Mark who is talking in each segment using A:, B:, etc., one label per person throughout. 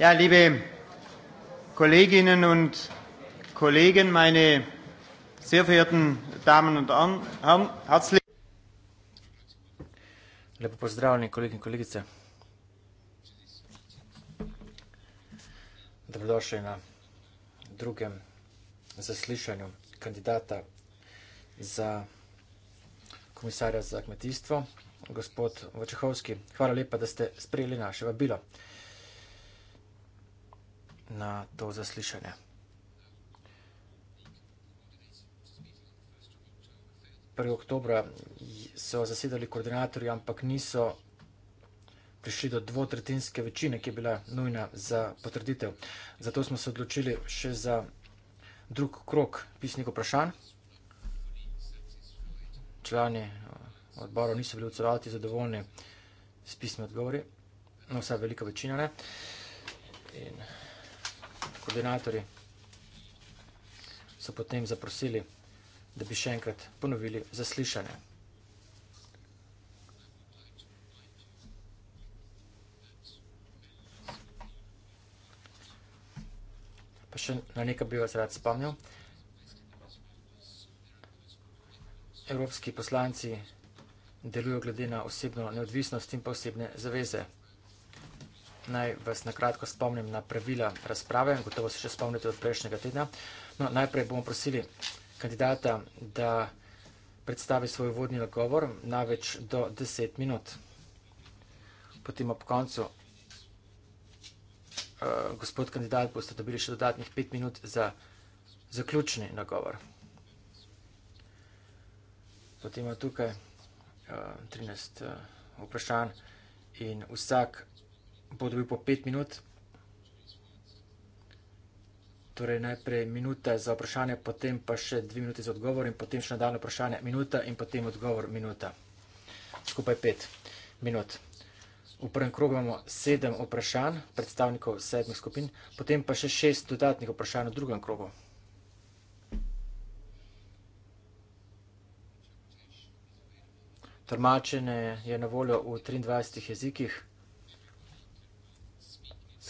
A: Ja, liebe Kolleginnen und
B: Kollegen, meine sehr verehrten Damen und Herren, herzlich Lepo pozdravljeni, kolegi in kolegice. Dobrodošli na drugem zaslišanju kandidata za komisarja za kmetijstvo, gospod Vočehovski. Hvala lepa, da ste sprejeli naše vabilo na to zaslišanje. Prvi oktober so zasedali koordinatorji, ampak niso prišli do dvotretinske večine, ki je bila nujna za potrditev. Zato smo se odločili še za drug krok pisnih vprašanj. Člani eh, odborov niso bili v celoti zadovoljni s pismi odgovori, no vsaj velika večina ne. In koordinatorji so potem zaprosili, da bi še enkrat ponovili zaslišanje. Pa še na nekaj bi vas rad spomnil. Evropski poslanci delujo glede na osebno neodvisnost in pa osebne zaveze naj vas nakratko spomnim na pravila razprave, gotovo se še spomnite od prejšnjega tedna. No, najprej bomo prosili kandidata, da predstavi svoj vodni nagovor, največ do 10 minut. Potem ob koncu eh, gospod kandidat boste dobili še dodatnih 5 minut za zaključni nagovor. Potem ima tukaj 13 eh, eh, vprašanj in vsak bo dobil po 5 minut. Torej najprej minuta za vprašanje, potem pa še 2 minuti za odgovor in potem še nadaljno vprašanje minuta in potem odgovor minuta. Skupaj 5 minut. V prvem krogu imamo 7 vprašanj predstavnikov sedmih skupin, potem pa še 6 dodatnih vprašanj v drugem krogu. Trmačenje je na voljo v 23 jezikih.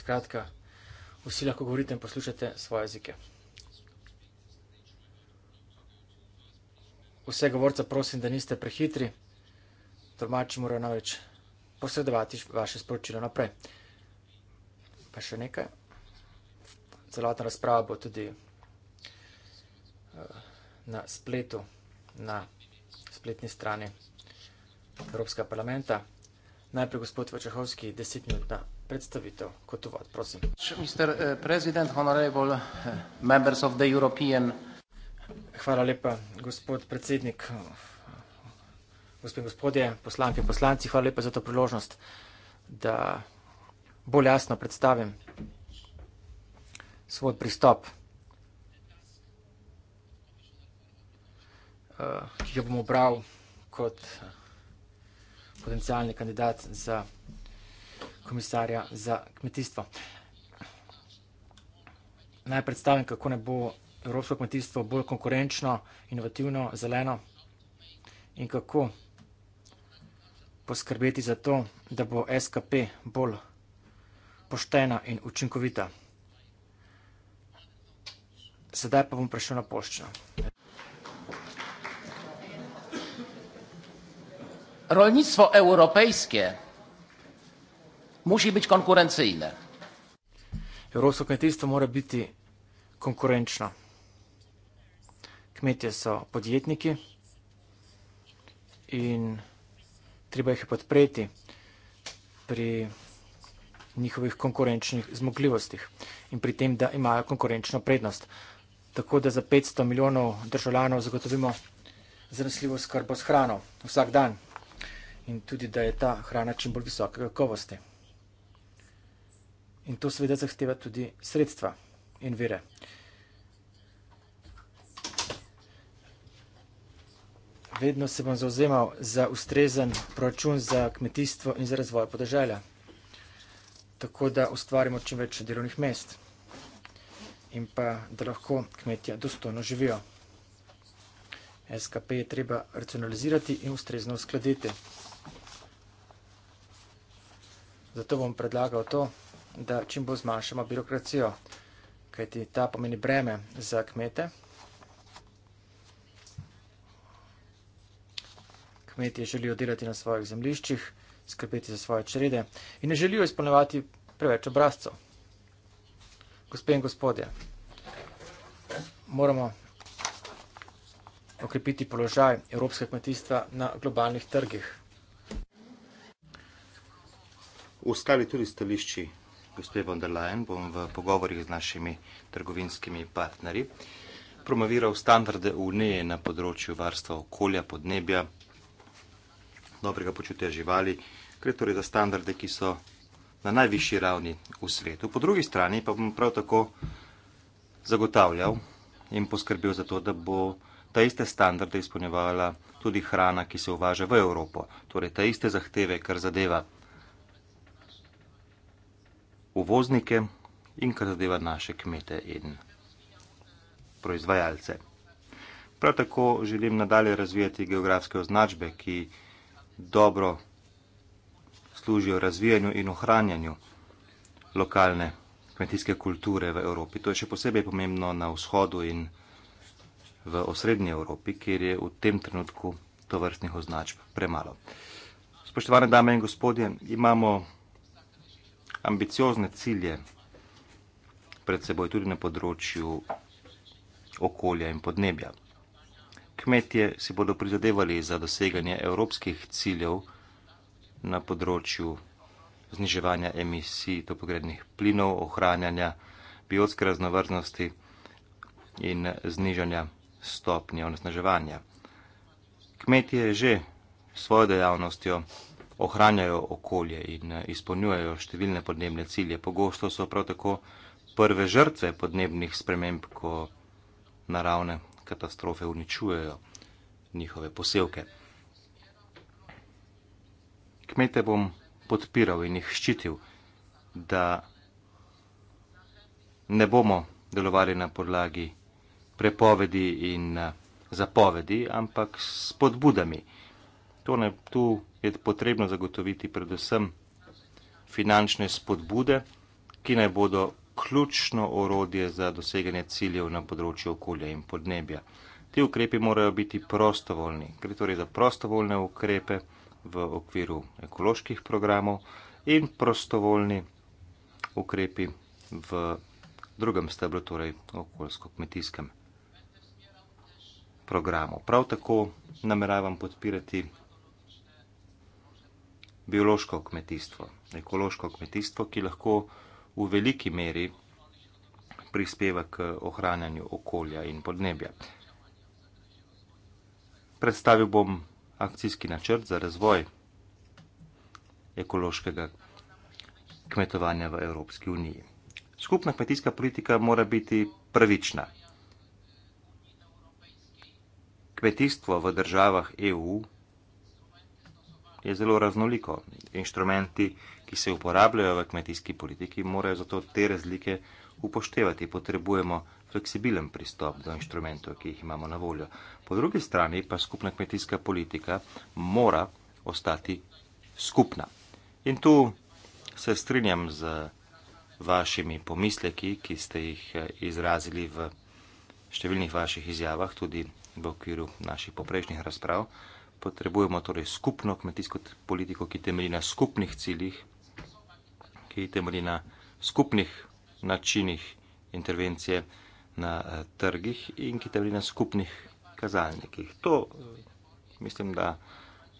B: Skratka, vsi lahko govorite in poslušate svoje jezike. Vse govorca prosim, da niste prehitri, tolmači morajo največ posredovati vaše sporočilo naprej. Pa še nekaj. Celotna razprava bo tudi eh, na spletu, na spletni strani Evropskega parlamenta. Najprej gospod Vačahovski, deset minut na predstavitev kot uvod, prosim. Mr. Eh, president, honorable eh, members of the European... Hvala lepa, gospod predsednik, gospod in gospodje, poslanke in poslanci, hvala lepa za to priložnost, da bolj jasno predstavim svoj pristop, eh, ki jo bom obral kot predstavitev potencijalni kandidat za komisarja za kmetijstvo. Naj predstavim, kako ne bo evropsko kmetijstvo bolj konkurenčno, inovativno, zeleno in kako poskrbeti za to, da bo SKP bolj poštena in učinkovita. Sedaj pa bom prišel na poščino. rolnictwo europejskie musi być konkurencyjne. Evropsko kmetijstvo mora biti konkurenčno. Kmetje so podjetniki in treba jih podpreti pri njihovih konkurenčnih zmogljivostih in pri tem, da imajo konkurenčno prednost. Tako da za 500 milijonov državljanov zagotovimo zanesljivo skrbo s hrano vsak dan in tudi, da je ta hrana čim bolj visoke kakovosti. In to seveda zahteva tudi sredstva in vire. Vedno se bom zauzemal za ustrezen proračun za kmetijstvo in za razvoj podeželja, tako da ustvarimo čim več delovnih mest in pa da lahko kmetija dostojno živijo. SKP je treba racionalizirati in ustrezno uskladiti. Zato bom predlagal to, da čim bolj zmanjšamo birokracijo, kajti ta pomeni breme za kmete. Kmetje želijo delati na svojih zemliščih, skrbeti za svoje črede in ne želijo izpolnjevati preveč obrazcev. Gospe in gospodje, moramo okrepiti položaj evropskega kmetijstva na globalnih trgih
A: ostali tudi stališči gospe von der Leyen, bom v pogovorjih z našimi trgovinskimi partnerji promoviral standarde Unije na področju varstva okolja, podnebja, dobrega počutja živali, gre torej za standarde, ki so na najvišji ravni v svetu. Po drugi strani pa bom prav tako zagotavljal in poskrbel za to, da bo ta iste standarde izpolnjevala tudi hrana, ki se uvaža v Evropo. Torej, ta iste zahteve, kar zadeva uvoznike in kar zadeva naše kmete in proizvajalce. Prav tako želim nadalje razvijati geografske označbe, ki dobro služijo razvijanju in ohranjanju lokalne kmetijske kulture v Evropi. To je še posebej pomembno na vzhodu in v osrednji Evropi, kjer je v tem trenutku to vrstnih označb premalo. Spoštovane dame in gospodje, imamo ambiciozne cilje pred seboj tudi na področju okolja in podnebja. Kmetje si bodo prizadevali za doseganje evropskih ciljev na področju zniževanja emisij toplogrednih plinov, ohranjanja biotske raznovrznosti in znižanja stopnje onesnaževanja. Kmetje že svojo dejavnostjo ohranjajo okolje in eh, izpolnjujejo številne podnebne cilje. Pogosto so prav tako prve žrtve podnebnih sprememb, ko naravne katastrofe uničujejo njihove posevke. Kmete bom podpiral in jih ščitil, da ne bomo delovali na podlagi prepovedi in eh, zapovedi, ampak s podbudami. Tone, tu je potrebno zagotoviti predvsem finančne spodbude, ki naj bodo ključno orodje za doseganje ciljev na področju okolja in podnebja. Ti ukrepi morajo biti prostovoljni. Gre torej za prostovoljne ukrepe v okviru ekoloških programov in prostovoljni ukrepi v drugem stebru, torej okoljsko-kmetijskem programu. Prav tako nameravam podpirati biološko kmetijstvo, ekološko kmetijstvo, ki lahko v veliki meri prispeva k ohranjanju okolja in podnebja. Predstavil bom akcijski načrt za razvoj ekološkega kmetovanja v Evropski uniji. Skupna kmetijska politika mora biti pravična. Kmetijstvo v državah EU je zelo raznoliko. Inštrumenti, ki se uporabljajo v kmetijski politiki, morajo zato te razlike upoštevati. Potrebujemo fleksibilen pristop do inštrumentov, ki jih imamo na voljo. Po drugi strani pa skupna kmetijska politika mora ostati skupna. In tu se strinjam z vašimi pomisleki, ki ste jih eh, izrazili v številnih vaših izjavah, tudi v okviru naših poprejšnjih razprav potrebujemo torej skupno kmetijsko politiko, ki temelji na skupnih ciljih, ki temelji na skupnih načinih intervencije na eh, trgih in ki temelji na skupnih kazalnikih. To eh, mislim, da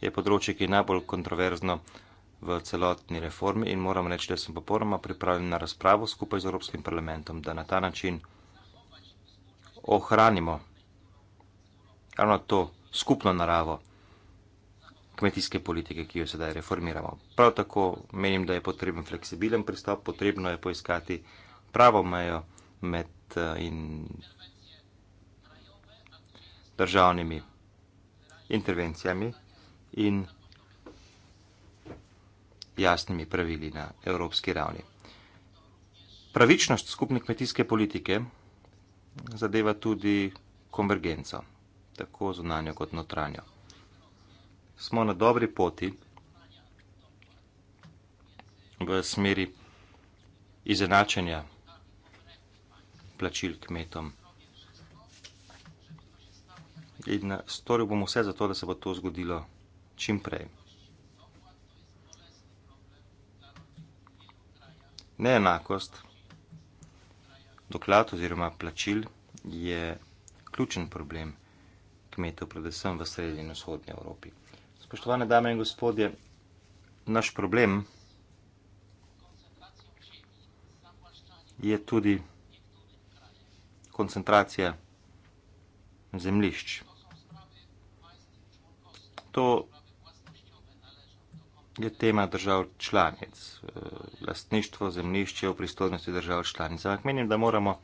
A: je področje, ki je najbolj kontroverzno v celotni reformi in moram reči, da sem popolnoma pripravljen na razpravo skupaj z Evropskim parlamentom, da na ta način ohranimo ravno to skupno naravo kmetijske politike, ki jo sedaj reformiramo. Prav tako menim, da je potreben fleksibilen pristop, potrebno je poiskati pravo mejo med eh, in državnimi intervencijami in jasnimi pravili na evropski ravni. Pravičnost skupne kmetijske politike zadeva tudi konvergenco, tako zunanjo kot notranjo smo na dobri poti v smeri izenačenja plačil kmetom. In eh, storil bom vse za to, da se bo to zgodilo čim prej. Neenakost doklad oziroma plačil je ključen problem kmetov, predvsem v srednji in vzhodnji Evropi. Spoštovane dame in gospodje, naš problem je tudi koncentracija zemlišč. To je tema držav članic. Eh, lastništvo zemlišče v pristojnosti držav članic. Ampak menim, da moramo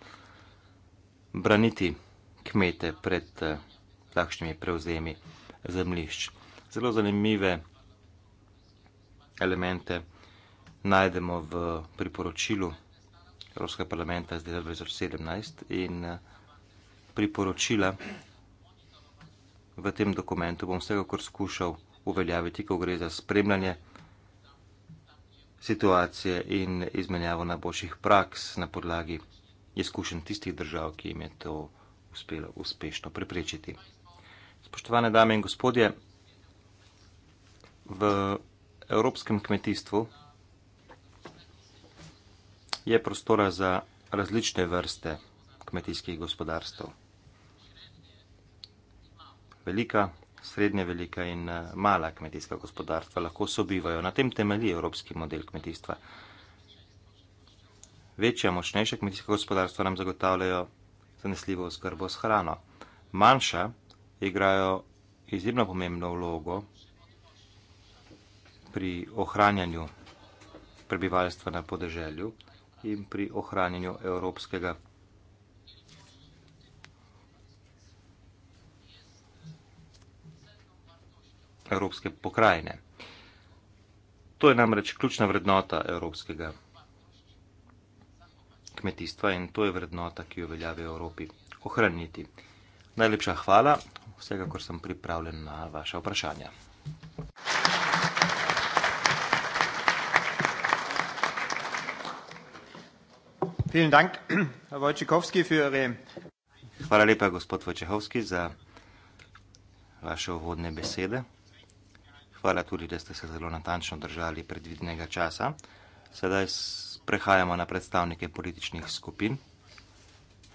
A: braniti kmete pred eh, takšnimi prevzemi zemlišč zelo zanimive elemente najdemo v priporočilu Evropskega parlamenta iz 2017 in eh, priporočila v tem dokumentu bom vsega, kar skušal uveljaviti, ko gre za spremljanje situacije in izmenjavo najboljših praks na podlagi izkušenj tistih držav, ki jim je to uspelo uspešno preprečiti. Spoštovane dame in gospodje, v evropskem kmetijstvu je prostora za različne vrste kmetijskih gospodarstv. Velika, srednje velika in eh, mala kmetijska gospodarstva lahko sobivajo. Na tem temelji evropski model kmetijstva. Večja, močnejša kmetijska gospodarstva nam zagotavljajo zanesljivo skrbo s hrano. Manjša igrajo izjemno pomembno vlogo pri ohranjanju prebivalstva na podeželju in pri ohranjanju evropskega evropske pokrajine. To je namreč ključna vrednota evropskega kmetijstva in to je vrednota, ki jo velja v Evropi ohraniti. Najlepša hvala, vsega, kar sem pripravljen na vaše vprašanja. Hvala lepa, gospod Vojčehovski, za vaše uvodne besede. Hvala tudi, da ste se zelo natančno držali predvidnega časa. Sedaj prehajamo na predstavnike političnih skupin.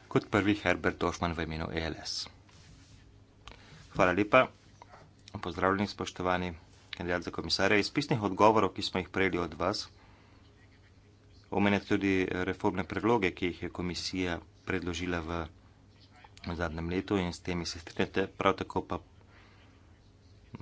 A: Kot prvi Herbert Hoffman v imenu ELS. Hvala lepa. Pozdravljeni, spoštovani kandidat za komisarja. Iz pisnih odgovorov, ki smo jih prejeli od vas, omenjate tudi reformne predloge, ki jih je komisija predložila v zadnjem letu in s temi se strinjate, prav tako pa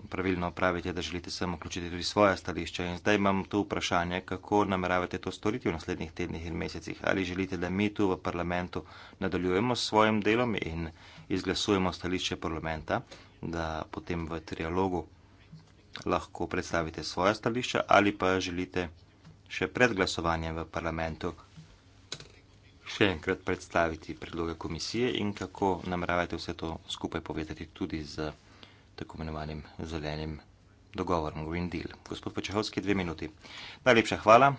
A: pravilno pravite, da želite sem vključiti tudi svoja stališča. In zdaj imam tu vprašanje, kako nameravate to storiti v naslednjih tednih in mesecih. Ali želite, da mi tu v parlamentu nadaljujemo s svojim delom in izglasujemo stališče parlamenta, da potem v trialogu lahko predstavite svoja stališča ali pa želite še pred glasovanjem v parlamentu še enkrat predstaviti predloge komisije in kako nameravate vse to skupaj povedati tudi z tako imenovanim zelenim dogovorom Green Deal. Gospod Počehovski, dve minuti. Najlepša hvala.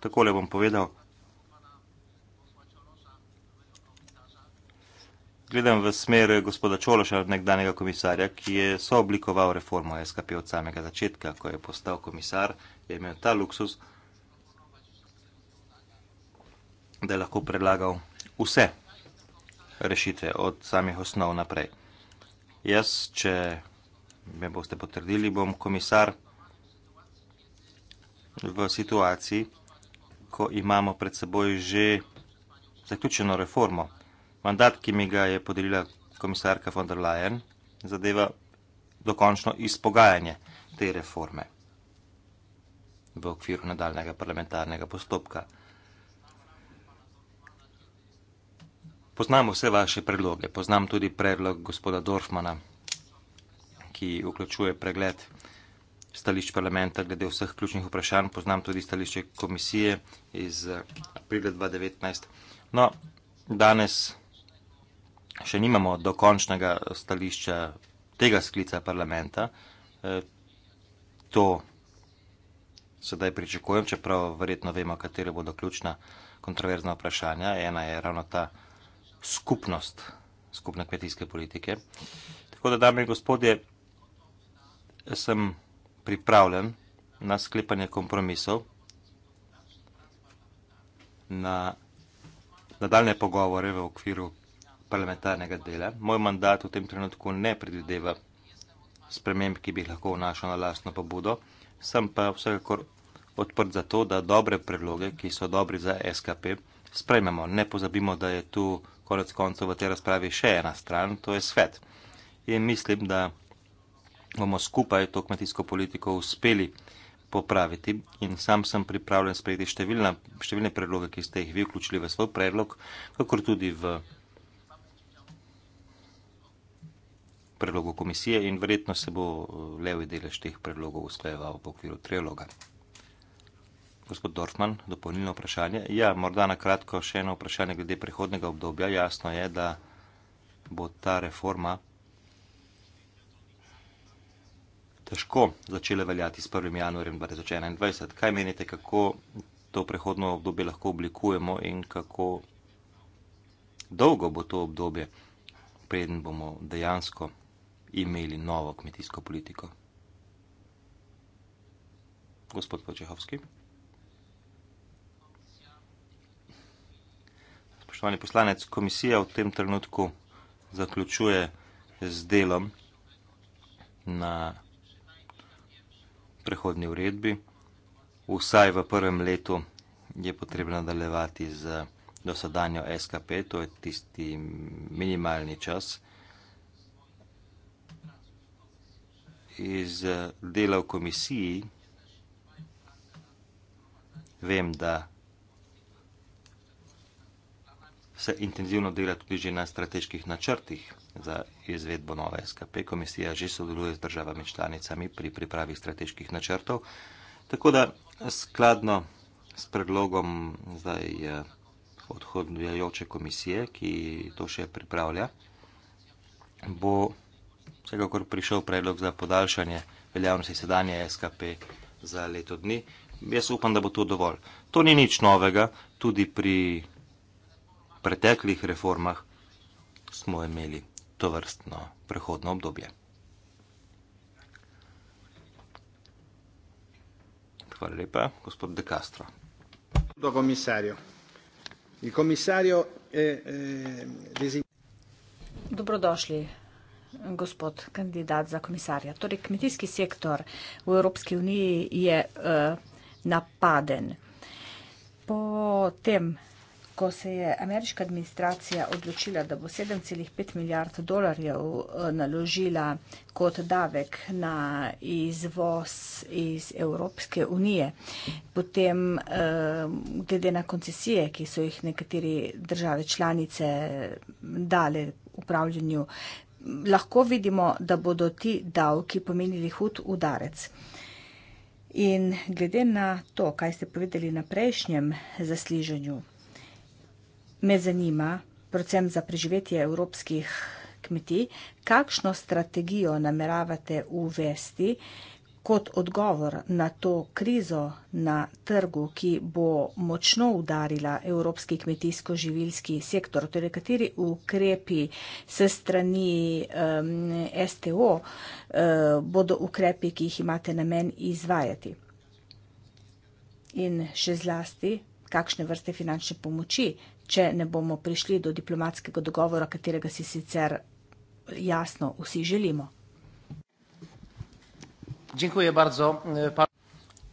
A: Takole bom povedal. gledam v smer gospoda Čološa, nekdanjega komisarja, ki je sooblikoval reformo SKP od samega začetka, ko je postal komisar, je imel ta luksus, da je lahko predlagal vse rešitve od samih osnov naprej. Jaz, če me boste potrdili, bom komisar v situaciji, ko imamo pred seboj že zaključeno reformo, mandat, ki mi ga je podelila komisarka von der Leyen, zadeva dokončno izpogajanje te reforme v okviru nadaljnega parlamentarnega postopka. Poznam vse vaše predloge, poznam tudi predlog gospoda Dorfmana, ki vključuje pregled stališč parlamenta glede vseh ključnih vprašanj, poznam tudi stališče komisije iz aprila 2019. No, danes še nimamo dokončnega stališča tega sklica parlamenta. E, to sedaj pričakujem, čeprav verjetno vemo, katere bodo ključna kontroverzna vprašanja. Ena je ravno ta skupnost, skupna kmetijske politike. Tako da, dame in gospodje, sem pripravljen na sklepanje kompromisov, na nadaljne pogovore v okviru parlamentarnega dela. Moj mandat v tem trenutku ne predvideva sprememb, ki bi jih lahko vnašal na lastno pobudo. Sem pa vsekakor odprt za to, da dobre predloge, ki so dobri za SKP, sprejmemo. Ne pozabimo, da je tu konec koncev v tej razpravi še ena stran, to je svet. In mislim, da bomo skupaj to kmetijsko politiko uspeli popraviti in sam sem pripravljen sprejeti številne predloge, ki ste jih vi vključili v svoj predlog, kakor tudi v predlogu komisije in verjetno se bo eh, levi delež teh predlogov usklajeval v okviru triloga. Gospod Dorfman, dopolnilno vprašanje. Ja, morda na kratko še eno vprašanje glede prihodnega obdobja. Jasno je, da bo ta reforma težko začela veljati s 1. januarjem 2021. Kaj menite, kako to prehodno obdobje lahko oblikujemo in kako dolgo bo to obdobje, preden bomo dejansko imeli novo kmetijsko politiko. Gospod Počehovski. Spoštovani poslanec, komisija v tem trenutku zaključuje z delom na prehodni uredbi. Vsaj v prvem letu je potrebno nadaljevati z dosadanjo SKP, to je tisti minimalni čas, iz eh, dela v komisiji vem, da se intenzivno dela tudi že na strateških načrtih za izvedbo nove SKP. Komisija že sodeluje z državami članicami pri pripravi strateških načrtov. Tako da skladno s predlogom zdaj eh, odhodujoče komisije, ki to še pripravlja, bo vsekakor prišel predlog za podaljšanje veljavnosti sedanje SKP za leto dni. Jaz upam, da bo to dovolj. To ni nič novega, tudi pri preteklih reformah smo imeli to vrstno prehodno obdobje. Hvala lepa, gospod De Castro.
B: Do komisarju. Il commissario è, è... Eh,
C: Dobrodošli, gospod kandidat za komisarja. Torej, kmetijski sektor v Evropski uniji je eh, napaden. Po tem, ko se je ameriška administracija odločila, da bo 7,5 milijard dolarjev eh, naložila kot davek na izvoz iz Evropske unije, potem eh, glede na koncesije, ki so jih nekateri države članice dale upravljanju lahko vidimo, da bodo ti davki pomenili hud udarec. In glede na to, kaj ste povedali na prejšnjem zasliženju, me zanima, predvsem za preživetje evropskih kmetij, kakšno strategijo nameravate uvesti, Kot odgovor na to krizo na trgu, ki bo močno udarila evropski kmetijsko-živilski sektor, torej kateri ukrepi se strani um, STO uh, eh, bodo ukrepi, ki jih imate namen izvajati. In še zlasti, kakšne vrste finančne pomoči, če ne bomo prišli do diplomatskega dogovora, katerega si sicer jasno vsi želimo.
A: Dziękuję bardzo. E, Pan...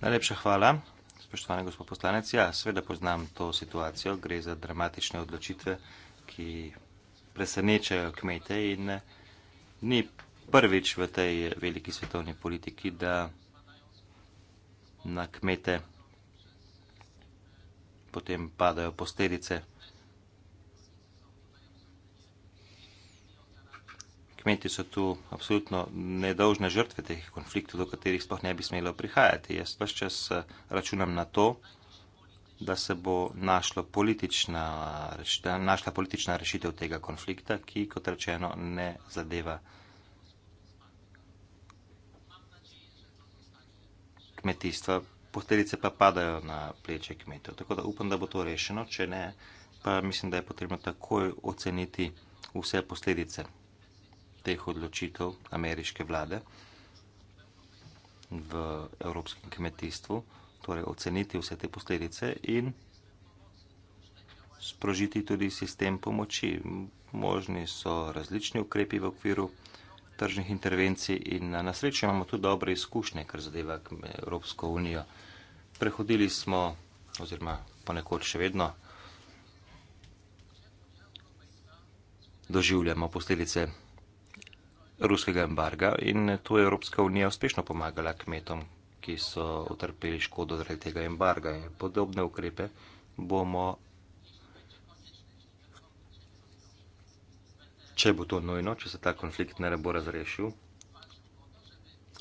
A: Najlepša hvala, spoštovani gospod poslanec. Ja, seveda poznam to situacijo. Gre za dramatične odločitve, ki presenečajo kmete in ni prvič v tej veliki svetovni politiki, da na kmete potem padajo posledice. kmeti so tu apsolutno nedolžne žrtve teh konfliktov, do katerih sploh ne bi smelo prihajati. Jaz pač čas eh, računam na to, da se bo politična, našla politična rešitev tega konflikta, ki, kot rečeno, ne zadeva kmetijstva, posledice pa padajo na pleče kmetov. Tako da upam, da bo to rešeno, če ne, pa mislim, da je potrebno takoj oceniti vse posledice teh odločitev ameriške vlade v evropskem kmetijstvu, torej oceniti vse te posledice in sprožiti tudi sistem pomoči. Možni so različni ukrepi v okviru tržnih intervencij in na srečo imamo tudi dobre izkušnje, kar zadeva Evropsko unijo. Prehodili smo, oziroma ponekod še vedno, doživljamo posledice ruskega embarga in tu je Evropska unija uspešno pomagala kmetom, ki so utrpeli škodo zaradi tega embarga. Podobne ukrepe bomo, če bo to nujno, če se ta konflikt ne bo razrešil,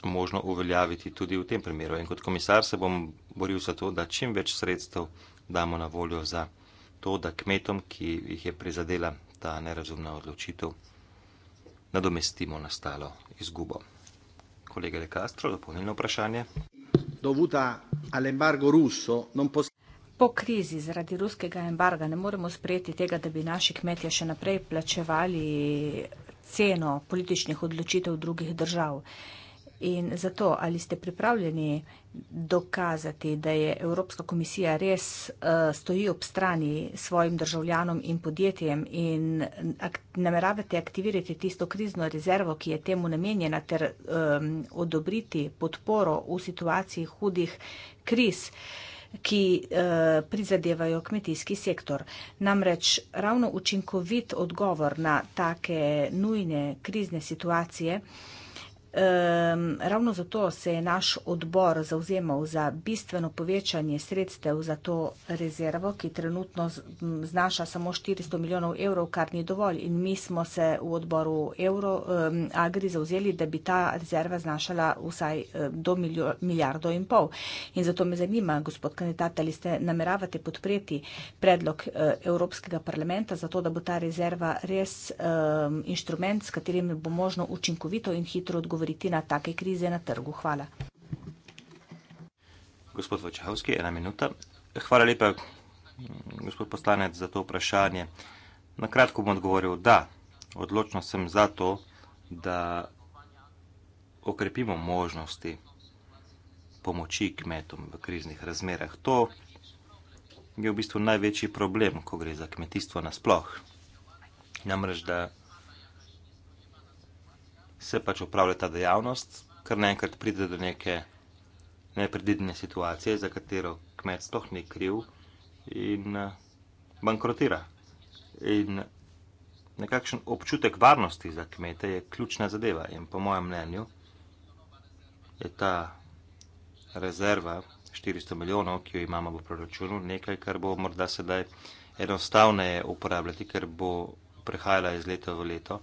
A: možno uveljaviti tudi v tem primeru. In kot komisar se bom boril za to, da čim več sredstev damo na voljo za to, da kmetom, ki jih je prizadela ta nerazumna odločitev, nadomestimo nastalo izgubo. Kolega Le Castro, dopolnilno vprašanje.
C: Po krizi zaradi ruskega embarga ne moremo sprejeti tega, da bi naši kmetje še naprej plačevali ceno političnih odločitev drugih držav. In zato, ali ste pripravljeni dokazati, da je Evropska komisija res uh, stoji ob strani svojim državljanom in podjetjem in ak nameravate aktivirati tisto krizno rezervo, ki je temu namenjena, ter um, odobriti podporo v situaciji hudih kriz, ki uh, prizadevajo kmetijski sektor. Namreč ravno učinkovit odgovor na take nujne krizne situacije uh, Um, ravno zato se je naš odbor zauzemal za bistveno povečanje sredstev za to rezervo, ki trenutno znaša samo 400 milijonov evrov, kar ni dovolj. In mi smo se v odboru Euro, um, Agri zauzeli, da bi ta rezerva znašala vsaj um, do milijo, milijardo in pol. In zato me zanima, gospod kandidat, ali ste nameravate podpreti predlog um, Evropskega parlamenta za to, da bo ta rezerva res um, inštrument, s katerim bo možno učinkovito in hitro odgovoriti odgovoriti na take krize na trgu. Hvala.
A: Gospod Vačahovski, ena minuta. Hvala lepa, gospod poslanec, za to vprašanje. Na kratko bom odgovoril, da odločno sem za to, da okrepimo možnosti pomoči kmetom v kriznih razmerah. To je v bistvu največji problem, ko gre za kmetijstvo nasploh. Namreč, da se pač upravlja ta dejavnost, ker naenkrat pride do neke nepredvidene situacije, za katero kmet sploh ni kriv in eh, bankrotira. In nekakšen občutek varnosti za kmete je ključna zadeva in po mojem mnenju je ta rezerva 400 milijonov, ki jo imamo v proračunu, nekaj, kar bo morda sedaj enostavneje uporabljati, ker bo prehajala iz leta v leto.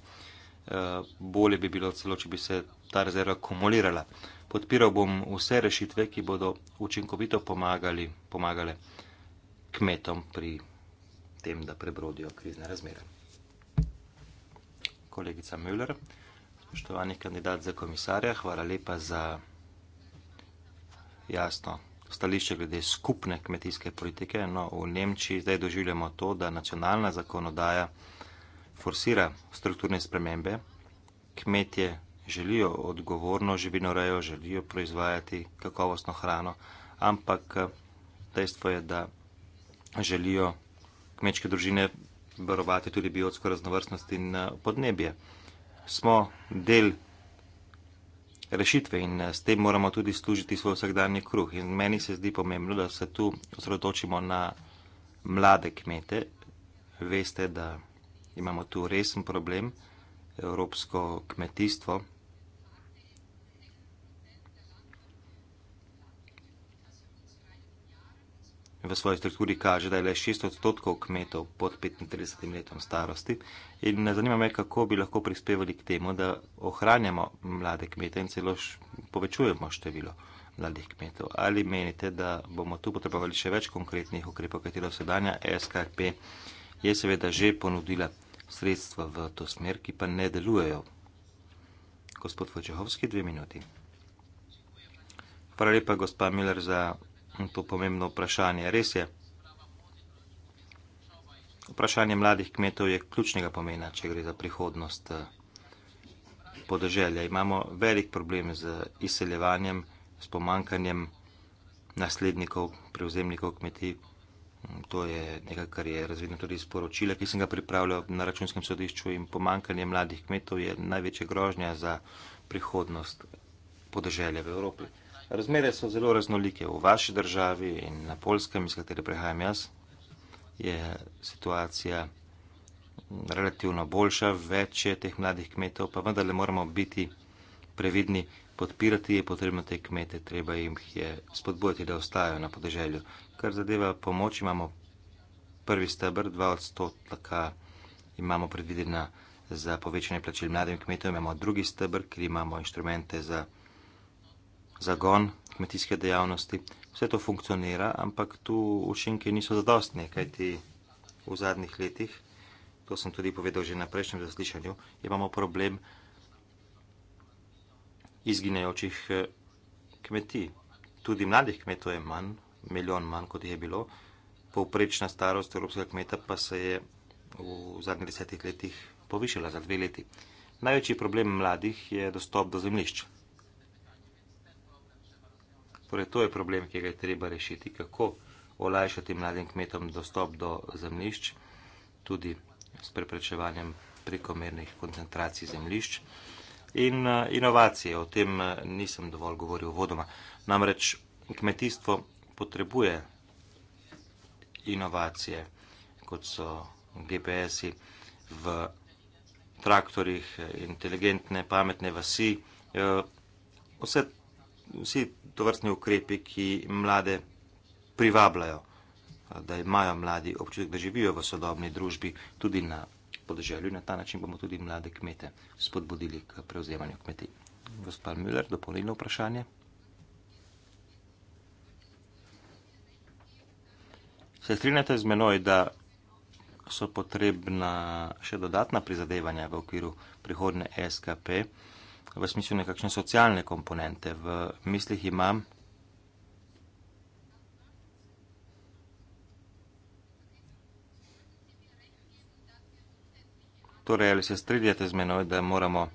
A: Eh, bolje bi bilo celo, če bi se ta rezerva akumulirala. Podpiral bom vse rešitve, ki bodo učinkovito pomagali, pomagale kmetom pri tem, da prebrodijo krizne razmere. Kolegica Müller, spoštovani kandidat za komisarja, hvala lepa za jasno stališče glede skupne kmetijske politike. No, v Nemčiji zdaj doživljamo to, da nacionalna zakonodaja forsira strukturne spremembe. Kmetje želijo odgovorno živino rejo, želijo proizvajati kakovostno hrano, ampak eh, dejstvo je, da želijo kmečke družine varovati tudi biotsko raznovrstnost in eh, podnebje. Smo del rešitve in eh, s tem moramo tudi služiti svoj vsakdanji kruh. In meni se zdi pomembno, da se tu osredotočimo na mlade kmete. Veste, da imamo tu resen problem, evropsko kmetijstvo. V svoji strukturi kaže, da je le 6 odstotkov kmetov pod 35 letom starosti in ne zanima me, kako bi lahko prispevali k temu, da ohranjamo mlade kmete in celo povečujemo število mladih kmetov. Ali menite, da bomo tu potrebovali še več konkretnih ukrepov, katero sedanja SKP je seveda že ponudila sredstva v to smer, ki pa ne delujejo. Gospod Vojčehovski, dve minuti. Hvala lepa, gospa Miller, za to pomembno vprašanje. Res je. Vprašanje mladih kmetov je ključnega pomena, če gre za prihodnost eh, podeželja. Imamo velik problem z izseljevanjem, s pomankanjem naslednikov, prevzemnikov kmetij. Mm, to je nekaj, kar je razvidno tudi iz poročila, ki sem ga pripravljal na računskem sodišču. Pomankanje mladih kmetov je največja grožnja za prihodnost podeželja v Evropi. Razmere so zelo raznolike. V vaši državi in na polskem, iz katerega prihajam jaz, je situacija mm, relativno boljša, več je teh mladih kmetov, pa vendarle moramo biti previdni podpirati je potrebno te kmete, treba jim je spodbujati, da ostajajo na podeželju. Kar zadeva pomoč, imamo prvi stebr, dva odstotka imamo predvidena za povečanje plačil mladim kmetom, imamo drugi stebr, ker imamo inštrumente za zagon kmetijske dejavnosti. Vse to funkcionira, ampak tu učinke niso zadostne, kajti v zadnjih letih, to sem tudi povedal že na prejšnjem zaslišanju, imamo problem vsega, izginejočih eh, kmetij. Tudi mladih kmetov je manj, milijon manj, kot jih je bilo. Povprečna starost evropskega kmeta pa se je v zadnjih desetih letih povišala za dve leti. Največji problem mladih je dostop do zemlišč. Torej, to je problem, ki ga je treba rešiti. Kako olajšati mladim kmetom dostop do zemlišč, tudi s preprečevanjem prekomernih koncentracij zemlišč in eh, inovacije. O tem eh, nisem dovolj govoril vodoma. Namreč kmetijstvo potrebuje inovacije, kot so GPS-i v traktorjih, eh, inteligentne, pametne vasi, vse, vsi tovrstni ukrepi, ki mlade privabljajo, da imajo mladi občutek, da živijo v sodobni družbi tudi na podeželju in na ta način bomo tudi mlade kmete spodbudili k prevzemanju kmetij. Gospod Müller, dopolnilno vprašanje. Se strinjate z menoj, da so potrebna še dodatna prizadevanja v okviru prihodne SKP v smislu nekakšne socialne komponente? V mislih imam, Torej, ali se strinjate z menoj, da moramo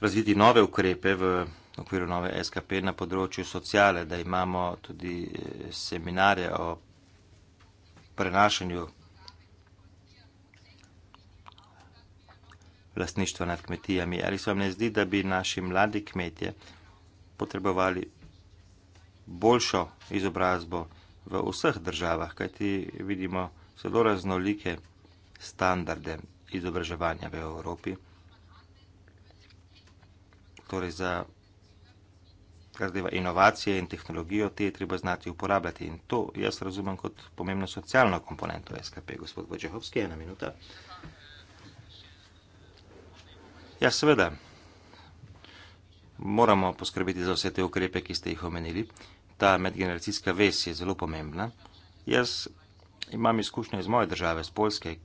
A: razviti nove ukrepe v okviru nove SKP na področju sociale, da imamo tudi eh, seminarje o prenašanju lastništva nad kmetijami. Ali se vam ne zdi, da bi naši mladi kmetje potrebovali boljšo izobrazbo v vseh državah, kajti vidimo, da zelo raznolike standarde izobraževanja v Evropi. Torej za inovacije in tehnologijo te je treba znati uporabljati in to jaz razumem kot pomembno socialno komponento SKP. Gospod Vojčehovski, ena minuta. Ja, seveda, moramo poskrbeti za vse te ukrepe, ki ste jih omenili. Ta medgeneracijska ves je zelo pomembna. Jaz imam izkušnjo iz moje države, iz Polske,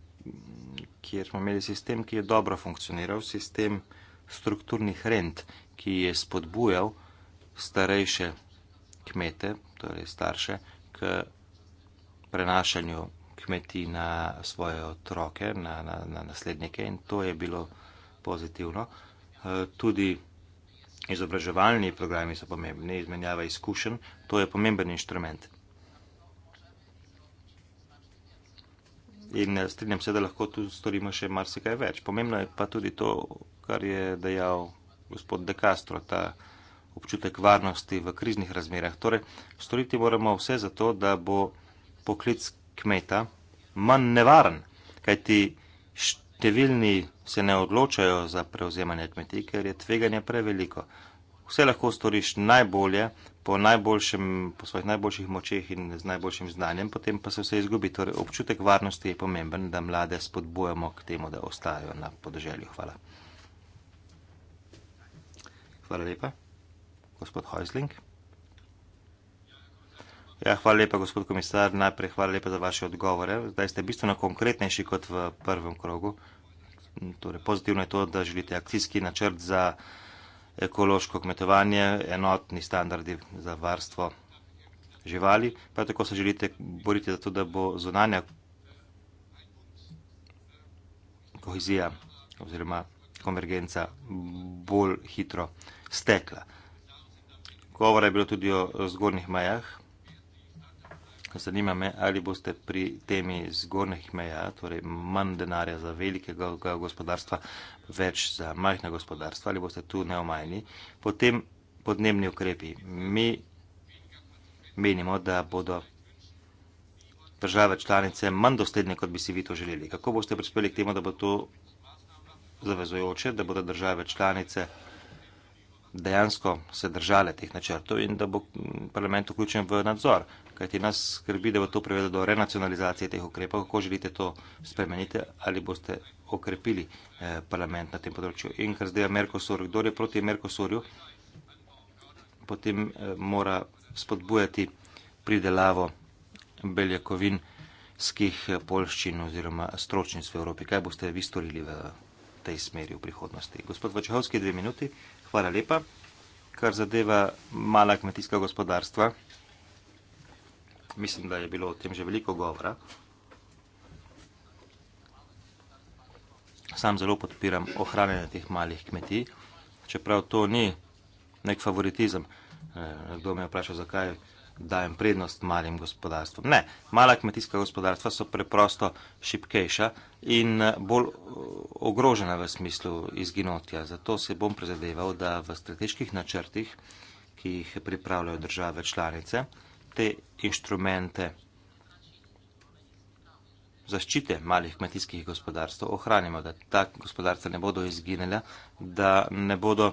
A: kjer smo imeli sistem, ki je dobro funkcioniral, sistem strukturnih rent, ki je spodbujal starejše kmete, torej starše, k prenašanju kmetij na svoje otroke, na, na, na naslednike in to je bilo pozitivno. Eh, tudi izobraževalni programi so pomembni, izmenjava izkušenj, to je pomemben inštrument. In eh, strinjam se, da lahko tu storimo še marsikaj več. Pomembno je pa tudi to, kar je dejal gospod De Castro, ta občutek varnosti v kriznih razmerah. Torej, storiti moramo vse za to, da bo poklic kmeta manj nevaren, kajti številni se ne odločajo za prevzemanje kmetij, ker je tveganje preveliko. Vse lahko storiš najbolje, po, najboljšem, po svojih najboljših močeh in z najboljšim znanjem, potem pa se vse izgubi. Torej, občutek varnosti je pomemben, da mlade spodbujamo k temu, da ostajajo na podeželju. Hvala. Hvala lepa, gospod Hojzling. Ja, hvala lepa, gospod komisar. Najprej hvala lepa za vaše odgovore. Zdaj ste bistveno konkretnejši kot v prvem krogu. Torej, pozitivno je to, da želite akcijski načrt za ekološko kmetovanje, enotni standardi za varstvo živali, pa tako se želite boriti za to, da bo zunanja kohezija oziroma konvergenca bolj hitro stekla. Govora je bilo tudi o zgornjih majah, Hrvaško. Zanima me, ali boste pri temi zgornjih meja, torej manj denarja za velikega gospodarstva, več za majhna gospodarstva, ali boste tu neomajni. Potem podnebni ukrepi. Mi menimo, da bodo države članice manj dosledne, kot bi si vi to želeli. Kako boste prispeli k temu, da bo to zavezujoče, da bodo države članice manj dosledne, dejansko se držale teh načrtov in da bo parlament vključen v nadzor. Kajti nas skrbi, da bo to privedlo do renacionalizacije teh ukrepov, kako želite to spremeniti ali boste okrepili eh, parlament na tem področju. In kar zdaj je Merkosur, kdo je proti Merkosurju, potem eh, mora spodbujati pridelavo beljakovinskih eh, polščin oziroma stročnic v Evropi. Kaj boste vi storili v Evropi? tej smeri v prihodnosti. Gospod Vačehovski, dve minuti. Hvala lepa. Kar zadeva mala kmetijska gospodarstva, mislim, da je bilo o tem že veliko govora. Sam zelo podpiram ohranjanje teh malih kmetij, čeprav to ni nek favoritizem. Eh, kdo me vpraša, zakaj je dajem prednost malim gospodarstvom. Ne, mala kmetijska gospodarstva so preprosto šipkejša in eh, bolj eh, ogrožena v smislu izginotja. Zato se bom prizadeval, da v strateških načrtih, ki jih pripravljajo države članice, te inštrumente zaščite malih kmetijskih gospodarstv ohranimo, da ta gospodarstva ne bodo izginila, da ne bodo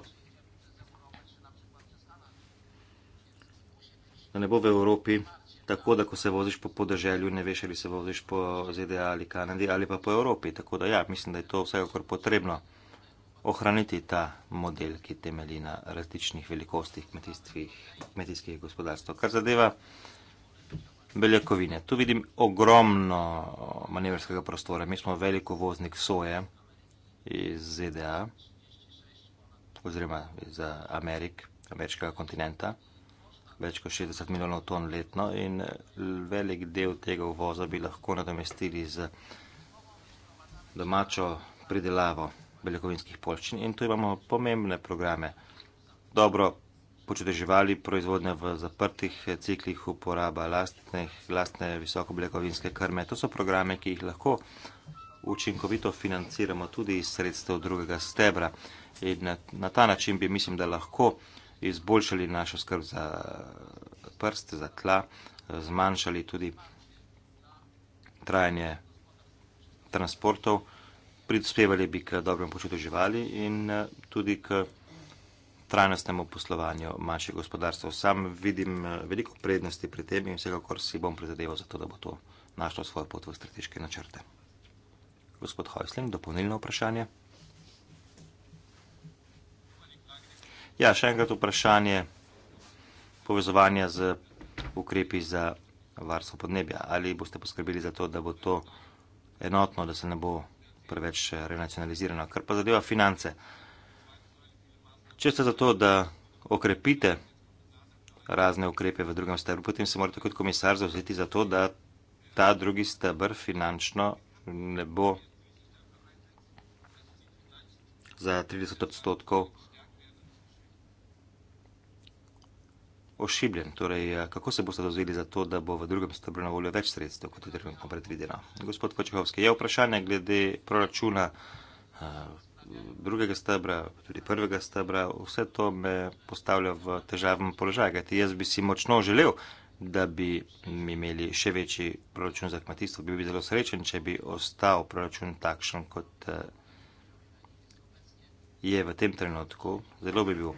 A: da ne bo v Evropi tako, da ko se voziš po podeželju, ne veš, ali se voziš po ZDA ali Kanadi ali pa po Evropi. Tako da ja, mislim, da je to vsekakor potrebno ohraniti ta model, ki temelji na različnih velikostih kmetijskih gospodarstv. Kar zadeva beljakovine. Tu vidim ogromno manevrskega prostora. Mi smo veliko voznik soje iz ZDA oziroma iz eh, Amerik, ameriškega kontinenta več kot 60 milijonov ton letno in eh, velik del tega uvoza bi lahko nadomestili z domačo pridelavo beljakovinskih polščin in tu imamo pomembne programe. Dobro počute živali, proizvodnja v zaprtih eh, ciklih, uporaba lastnih, lastne visoko beljakovinske krme. To so programe, ki jih lahko učinkovito financiramo tudi iz sredstev drugega stebra. In na, eh, na ta način bi mislim, da lahko uh, izboljšali našo skrb za prst, za tla, zmanjšali tudi trajanje transportov, prispevali bi k dobremu počutu živali in eh, tudi k trajnostnemu poslovanju manjšega gospodarstva. Sam vidim eh, veliko prednosti pri tem in vsekakor si bom prizadeval za to, da bo to našlo svojo pot v strateške načrte. Gospod Hojslin, dopolnilno vprašanje. Ja, še enkrat vprašanje povezovanja z ukrepi za varstvo podnebja. Ali boste poskrbeli za to, da bo to enotno, da se ne bo preveč renacionalizirano, kar pa zadeva finance. Če ste za to, da okrepite razne ukrepe v drugem stebru, potem se morate kot komisar zavzeti za to, da ta drugi stebr finančno ne bo za 30 odstotkov ošibljen. Torej, eh, kako se boste dozvedeli za to, da bo v drugem stebru na voljo več sredstev, kot je trenutno predvideno? Gospod Kočehovski, je ja, vprašanje glede proračuna eh, drugega stebra, tudi prvega stebra, vse to me postavlja v težaven položaj, kajti jaz bi si močno želel, da bi imeli še večji proračun za kmetijstvo. Bi bil zelo srečen, če bi ostal proračun takšen, kot eh, je v tem trenutku. Zelo bi bil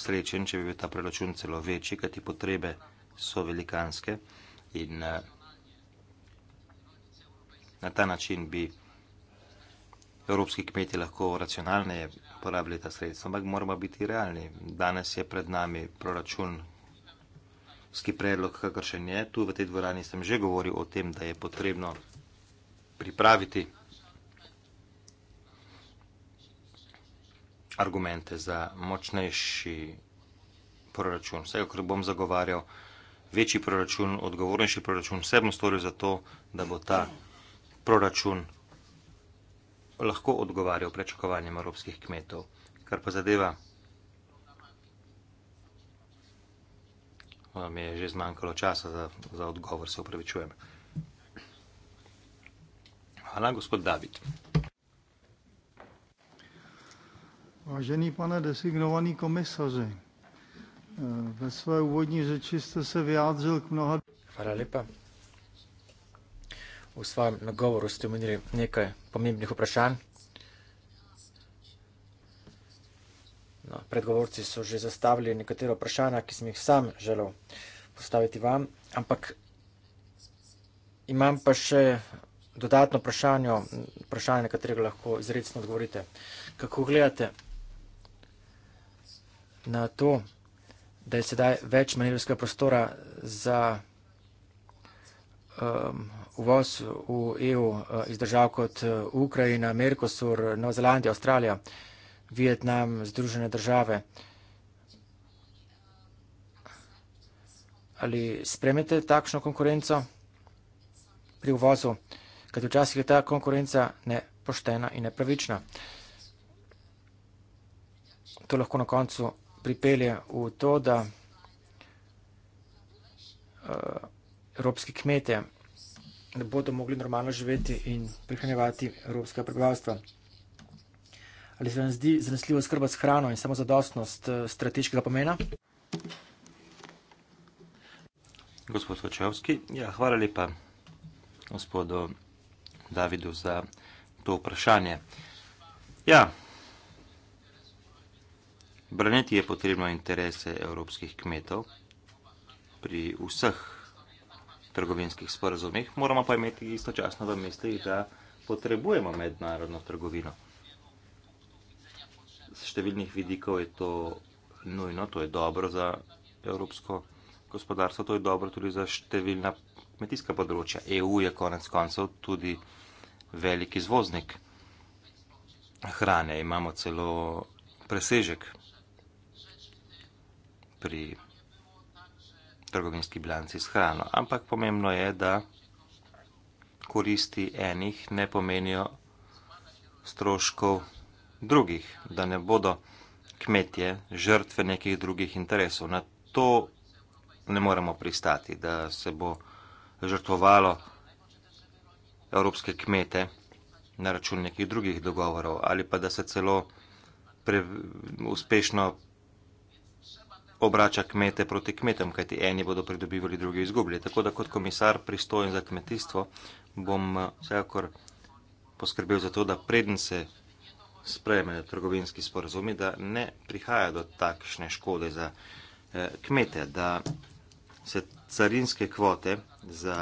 A: srečen, če bi bil ta preračun celo večji, kajti potrebe so velikanske in eh, na ta način bi evropski kmeti lahko racionalneje porabili ta sredstva, ampak moramo biti realni. Danes je pred nami proračun, ski predlog, kakršen je. Tu v tej dvorani sem že govoril o tem, da je potrebno pripraviti proračun. argumente za močnejši proračun. Vse, kar bom zagovarjal, večji proračun, odgovornejši proračun, vse bom storil za to, da bo ta proračun lahko odgovarjal prečakovanjem evropskih kmetov. Kar pa zadeva, o, mi je že zmanjkalo časa za, za odgovor, se upravičujem. Hvala, gospod David.
B: Vážený pane designovaný komisaři, eh, ve své úvodní řeči jste se vyjádřil k mnoha... Hvala lepa. U svém nagovoru jste měli několik pomímných oprašán. No, predgovorci so že zastavili nekatero vprašanja, ki sem jih sam želel postaviti vam, ampak imam pa še dodatno vprašanje, na katerega lahko izredno odgovorite. Kako gledate na to, da je sedaj več manevrskega prostora za um, uvoz v EU uh, iz držav kot uh, Ukrajina, Merkosur, Nova Zelandija, Avstralija, Vietnam, Združene države. Ali spremete takšno konkurenco pri uvozu, kajti včasih je ta konkurenca nepoštena in nepravična? To lahko na koncu pripelje v to, da eh, evropski kmete ne bodo mogli normalno živeti in prihranjevati evropskega prebivalstva. Ali se vam zdi zanesljivo skrba s hrano in samozadostnost eh, strateškega pomena?
A: Gospod Vačevski, ja, hvala lepa gospodu Davidu za to vprašanje. Ja, Braniti je potrebno interese evropskih kmetov pri vseh trgovinskih sporazumih, moramo pa imeti istočasno v mislih, da potrebujemo mednarodno trgovino. Z številnih vidikov je to nujno, to je dobro za evropsko gospodarstvo, to je dobro tudi za številna kmetijska področja. EU je konec koncev tudi velik izvoznik hrane, imamo celo presežek pri trgovinski bilanci s hrano. Ampak pomembno je, da koristi enih ne pomenijo stroškov drugih, da ne bodo kmetje žrtve nekih drugih interesov. Na to ne moremo pristati, da se bo žrtvovalo evropske kmete na račun nekih drugih dogovorov ali pa da se celo pre, uspešno obrača kmete proti kmetem, kajti eni bodo pridobivali, drugi izgubili. Tako da kot komisar pristojen za kmetijstvo bom eh, vsekakor poskrbel za to, da preden se spremenijo trgovinski sporazumi, da ne prihaja do takšne škode za eh, kmete, da se carinske kvote za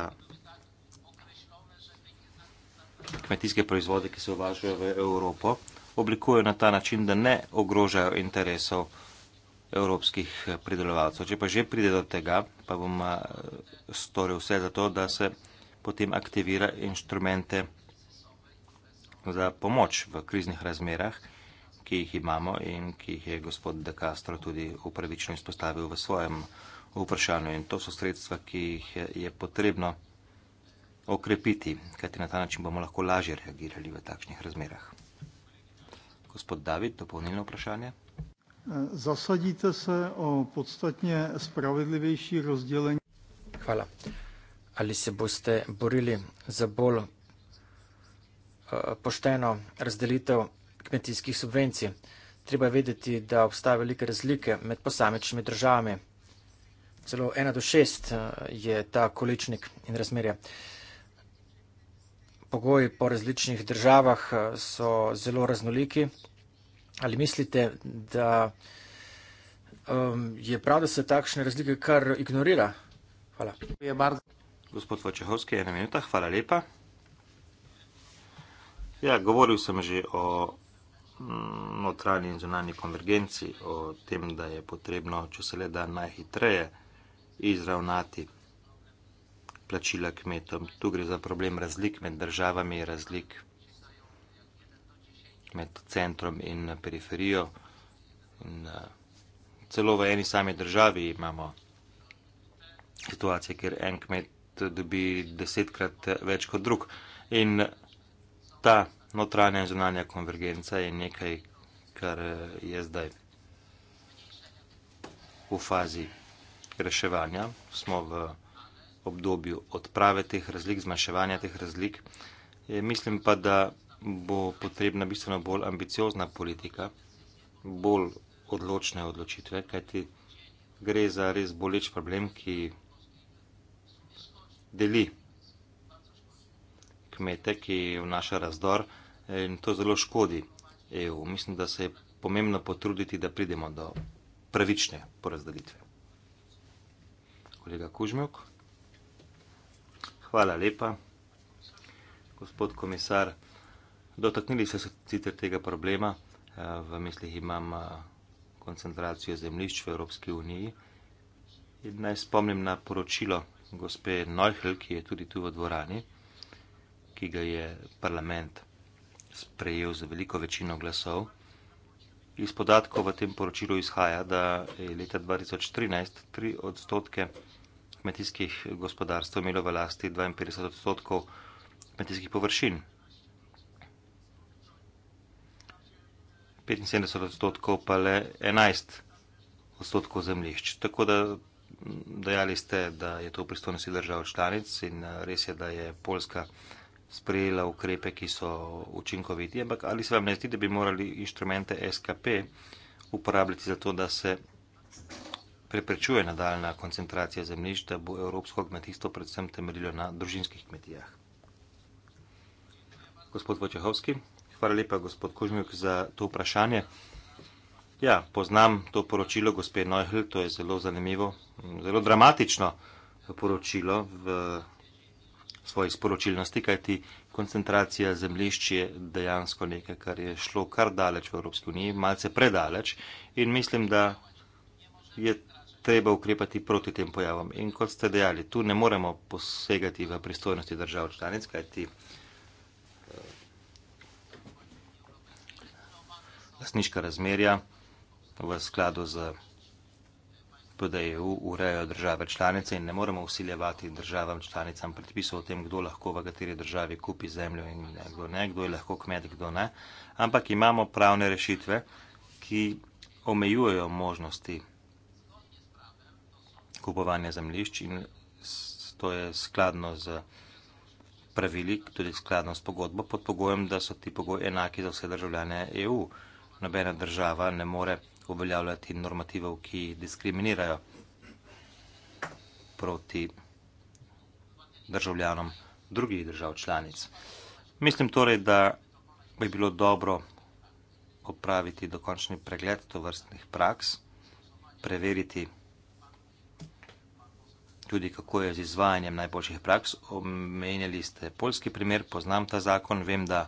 A: kmetijske proizvode, ki se uvažajo v Evropo, oblikujejo na ta način, da ne ogrožajo interesov evropskih pridelovalcev. Če pa že pride do tega, pa bom eh, storil vse za to, da se potem aktivira inštrumente za pomoč v kriznih razmerah, ki jih imamo in ki jih je gospod De Castro tudi upravično izpostavil v svojem vprašanju. In to so sredstva, ki jih je potrebno okrepiti, kajti na ta način bomo lahko lažje reagirali v takšnih razmerah. Gospod David,
B: dopolnilno vprašanje. Zasadíte se o podstatně spravedlivější rozdělení? Hvala. Ali se boste borili za bolj eh, pošteno razdelitev kmetijskih subvencij? Treba vedeti, da obstajajo velike razlike med posamečnimi državami. Celo ena do šest eh, je ta količnik in razmerje. Pogoji po različnih državah eh, so zelo raznoliki, Ali mislite, da um, je prav, da se takšne razlike kar ignorira? Hvala.
A: Gospod Vočehovski, ena minuta, hvala lepa. Ja, govoril sem že o mm, notranji in zunanji konvergenci, o tem, da je potrebno, če se le da najhitreje, izravnati plačila kmetom. Tu gre za problem razlik med državami, razlik med centrom in periferijo. In, uh, celo v eni sami državi imamo situacijo, kjer en kmet dobi desetkrat več kot drug. In ta notranja in zunanja konvergenca je nekaj, kar eh, je zdaj v fazi reševanja. Smo v obdobju odprave teh razlik, zmanjševanja teh razlik. Mislim pa, da bo potrebna bistveno bolj ambiciozna politika, bolj odločne odločitve, kajti gre za res boleč problem, ki deli kmete, ki vnaša razdor in to zelo škodi EU. Mislim, da se je pomembno potruditi, da pridemo do pravične porazdelitve. Kolega Kužmjok. Hvala lepa. Gospod komisar. Dotaknili se sicer tega problema, eh, v mislih imam eh, koncentracijo zemljišč v Evropski uniji. In naj spomnim na poročilo gospe Neuhl, ki je tudi tu v dvorani, ki ga je parlament sprejel z veliko večino glasov. Iz podatkov v tem poročilu izhaja, da je leta 2013 3 odstotke kmetijskih gospodarstv imelo v lasti 52 odstotkov kmetijskih površin. 75 odstotkov, pa le 11 odstotkov zemljišč. Tako da dejali ste, da je to v pristojnosti držav članic in res je, da je Poljska sprejela ukrepe, ki so učinkoviti. Ampak ali se vam ne zdi, da bi morali inštrumente SKP uporabljati za to, da se preprečuje nadaljna koncentracija zemljišč, da bo evropsko kmetijstvo predvsem temeljilo na družinskih kmetijah? Gospod Vočehovski. Hvala lepa, gospod Kožmjuk, za to vprašanje. Ja, poznam to poročilo gospe Neuhl, to je zelo zanimivo, zelo dramatično poročilo v svoji sporočilnosti, kajti koncentracija zemljišč je dejansko nekaj, kar je šlo kar daleč v Evropski uniji, malce predaleč in mislim, da je treba ukrepati proti tem pojavom. In kot ste dejali, tu ne moremo posegati v pristojnosti držav članic, kajti lasniška razmerja v skladu z PDEU urejajo države članice in ne moremo usiljevati državam članicam predpisov o tem, kdo lahko v kateri državi kupi zemljo in kdo ne, kdo je lahko kmet, kdo ne. Ampak imamo pravne rešitve, ki omejujejo možnosti kupovanja zemljišč in to je skladno z pravili, tudi skladno s pogodbo, pod pogojem, da so ti pogoji enaki za vse državljane EU nobena država ne more uveljavljati normativov, ki diskriminirajo proti državljanom drugih držav članic. Mislim torej, da bi bilo dobro opraviti dokončni pregled tovrstnih praks, preveriti tudi, kako je z izvajanjem najboljših praks. Omenjali ste polski primer, poznam ta zakon, vem, da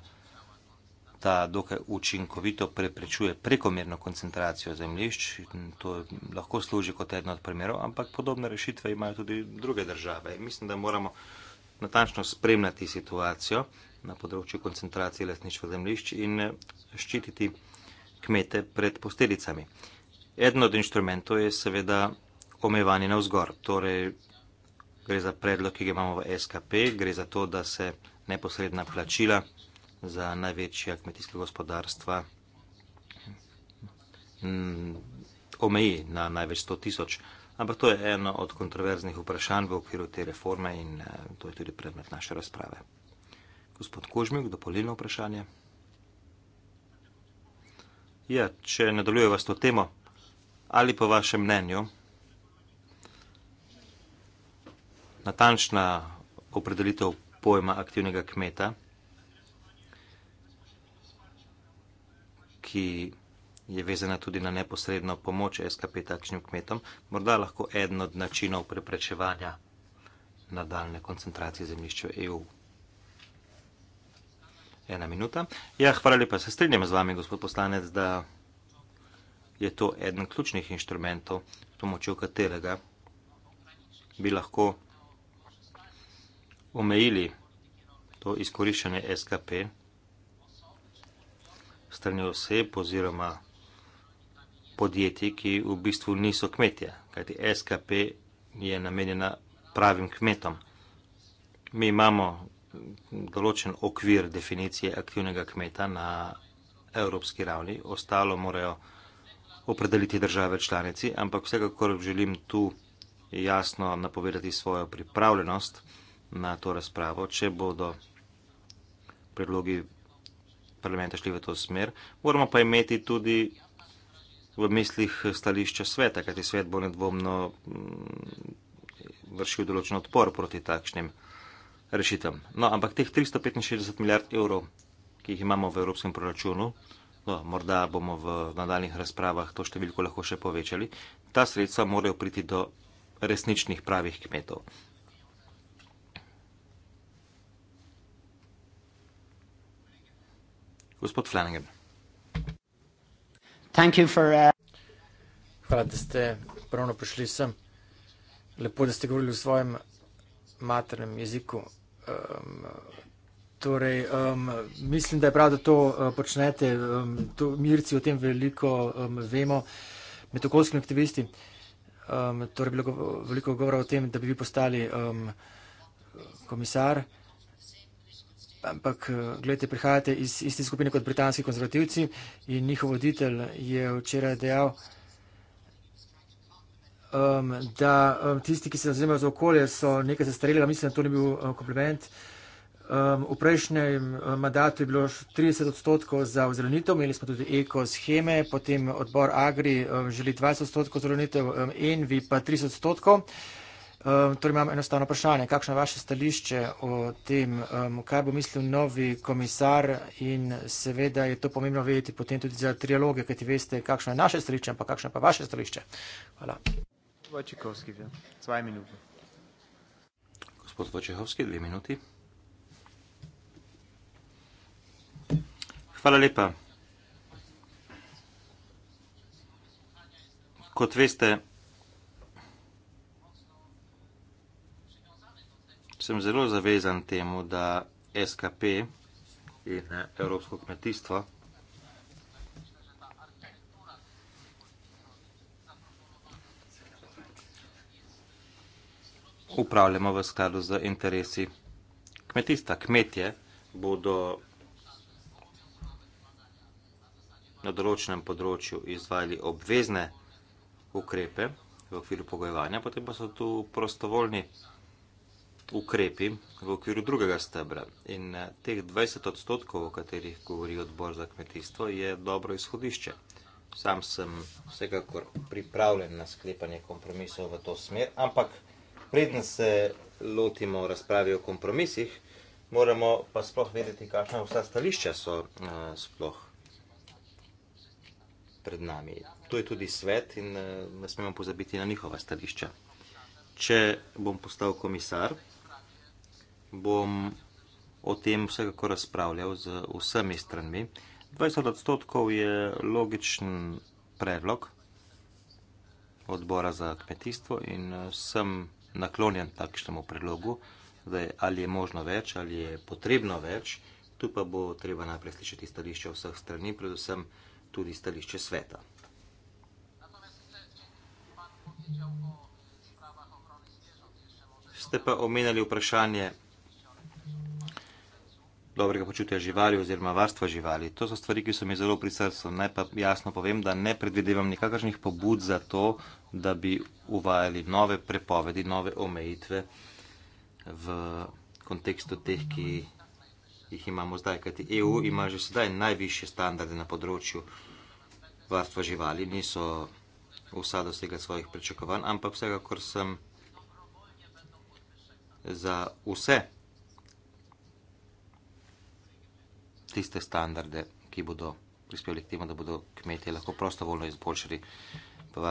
A: ta dokaj učinkovito preprečuje prekomerno koncentracijo zemljišč. To lahko služi kot eden od primerov, ampak podobne rešitve imajo tudi druge države. Mislim, da moramo natančno spremljati situacijo na področju koncentracije lasništva zemljišč in eh, ščititi kmete pred posledicami. Eden od inštrumentov je seveda omejevanje na vzgor. Torej, gre za predlog, ki ga imamo v SKP, gre za to, da se neposredna plačila za največja kmetijska gospodarstva mm, omeji na največ 100 tisoč. Ampak to je eno od kontroverznih vprašanj v okviru te reforme in eh, to je tudi predmet naše razprave. Gospod Kožmik, dopolnilno vprašanje. Ja, če nadaljujeva s to temo, ali po vašem mnenju natančna opredelitev pojma aktivnega kmeta ki je vezana tudi na neposredno pomoč SKP takšnim kmetom, morda lahko eden od načinov preprečevanja nadaljne koncentracije zemljišča EU. Ena minuta. Ja, hvala lepa. Se strinjam z vami, gospod poslanec, da je to eden ključnih inštrumentov, s pomočjo katerega bi lahko omejili to izkoriščanje SKP strani oseb oziroma podjetij, ki v bistvu niso kmetje, kajti SKP je namenjena pravim kmetom. Mi imamo določen okvir definicije aktivnega kmeta na evropski ravni, ostalo morajo opredeliti države članici, ampak vsekakor želim tu jasno napovedati svojo pripravljenost na to razpravo, če bodo predlogi parlamenta šli v to smer, moramo pa imeti tudi v mislih stališča sveta, kajti svet bo nedvomno mm, vršil določen odpor proti takšnim rešitvam. No, ampak teh 365 milijard evrov, ki jih imamo v evropskem proračunu, no, morda bomo v nadaljnih razpravah to številko lahko še povečali, ta sredstva morajo priti do resničnih pravih kmetov. gospod Flanagan.
B: For, uh... Hvala, da ste ponovno prišli sem. Lepo, da ste govorili v svojem maternem jeziku. Um, torej, um, mislim, da je prav, da to uh, počnete. Um, to, mirci o tem veliko um, vemo, med okoljskimi aktivisti. Um, torej, bilo je veliko govora o tem, da bi vi postali um, komisar. Ampak, eh, gledajte, prihajate iz iste skupine kot britanski konzervativci in njihov voditelj je včeraj dejal, um, da um, tisti, ki se zazemajo za okolje, so nekaj zastarelega. Mislim, da to ni bil um, kompliment. Um, v prejšnjem eh, mandatu je bilo 30 odstotkov za ozelenitev, imeli smo tudi ekoscheme, potem odbor Agri um, želi 20 odstotkov ozelenitev, um, Envi pa 30 odstotkov. Ehm, torej imam enostavno vprašanje, kakšno je vaše stališče o tem, ehm, kaj bo mislil novi komisar in seveda je to pomembno vedeti potem tudi za trialoge, kajti veste, kakšno je naše stališče, ampak kakšno je pa vaše stališče. Hvala.
A: Vačikovski, dve minuti. Gospod Vačikovski, ja. dve minuti. Hvala lepa. Kot veste, sem zelo zavezan temu, da SKP in eh, Evropsko kmetijstvo upravljamo v skladu z interesi kmetista. Kmetje bodo na določenem področju izvajali obvezne ukrepe v okviru pogojevanja, potem pa so tu prostovoljni ukrepe ukrepi v okviru drugega stebra. In eh, teh 20 odstotkov, o katerih govori odbor za kmetijstvo, je dobro izhodišče. Sam sem vsekakor pripravljen na sklepanje kompromisov v to smer, ampak preden se lotimo razprave o kompromisih, moramo pa sploh vedeti, kakšna vsa stališča so uh, sploh pred nami. To je tudi svet in uh, ne smemo pozabiti na njihova stališča. Če bom postal komisar, bom o tem vsekakor razpravljal z vsemi stranmi. 20 odstotkov je logičen predlog odbora za kmetijstvo in eh, sem naklonjen takšnemu predlogu, da je, ali je možno več, ali je potrebno več. Tu pa bo treba najprej slišati stališče vseh strani, predvsem tudi stališče sveta. Ste pa omenjali vprašanje dobrega počutja živali oziroma varstva živali. To so stvari, ki so mi zelo pri srcu. Naj pa jasno povem, da ne predvidevam nikakršnih pobud za to, da bi uvajali nove prepovedi, nove omejitve v kontekstu teh, ki jih imamo zdaj. Kajti EU ima že sedaj najviše standarde na področju varstva živali. Niso vsa dosega svojih pričakovanj, ampak vsega, kar sem za vse tiste standarde, ki bodo prispevali k temu, da bodo kmetje lahko prostovoljno izboljšali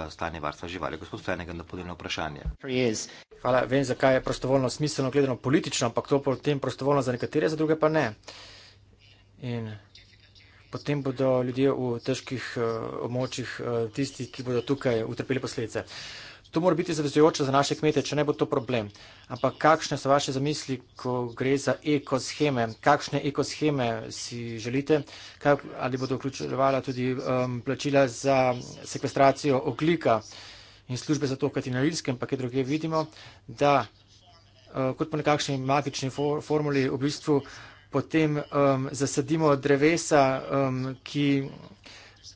A: stanje varstva živali. Gospod Fenegan, da podeljeno vprašanje.
B: Hvala, vem, zakaj je prostovoljno smiselno gledano politično, ampak to potem prostovoljno za nekatere, za druge pa ne. In potem bodo ljudje v težkih eh, območjih eh, tisti, ki bodo tukaj utrpeli posledice. To mora biti zavezujoče za naše kmete, če ne bo to problem. Ampak kakšne so vaše zamisli, ko gre za ekosheme? Kakšne ekosheme si želite? Kaj, ali bodo vključevala tudi um, plačila za sekvestracijo oglika in službe za to, kaj ti na Ilskem, pa kaj druge vidimo, da uh, kot po nekakšni magični for, formuli v bistvu potem um, zasadimo drevesa, um, ki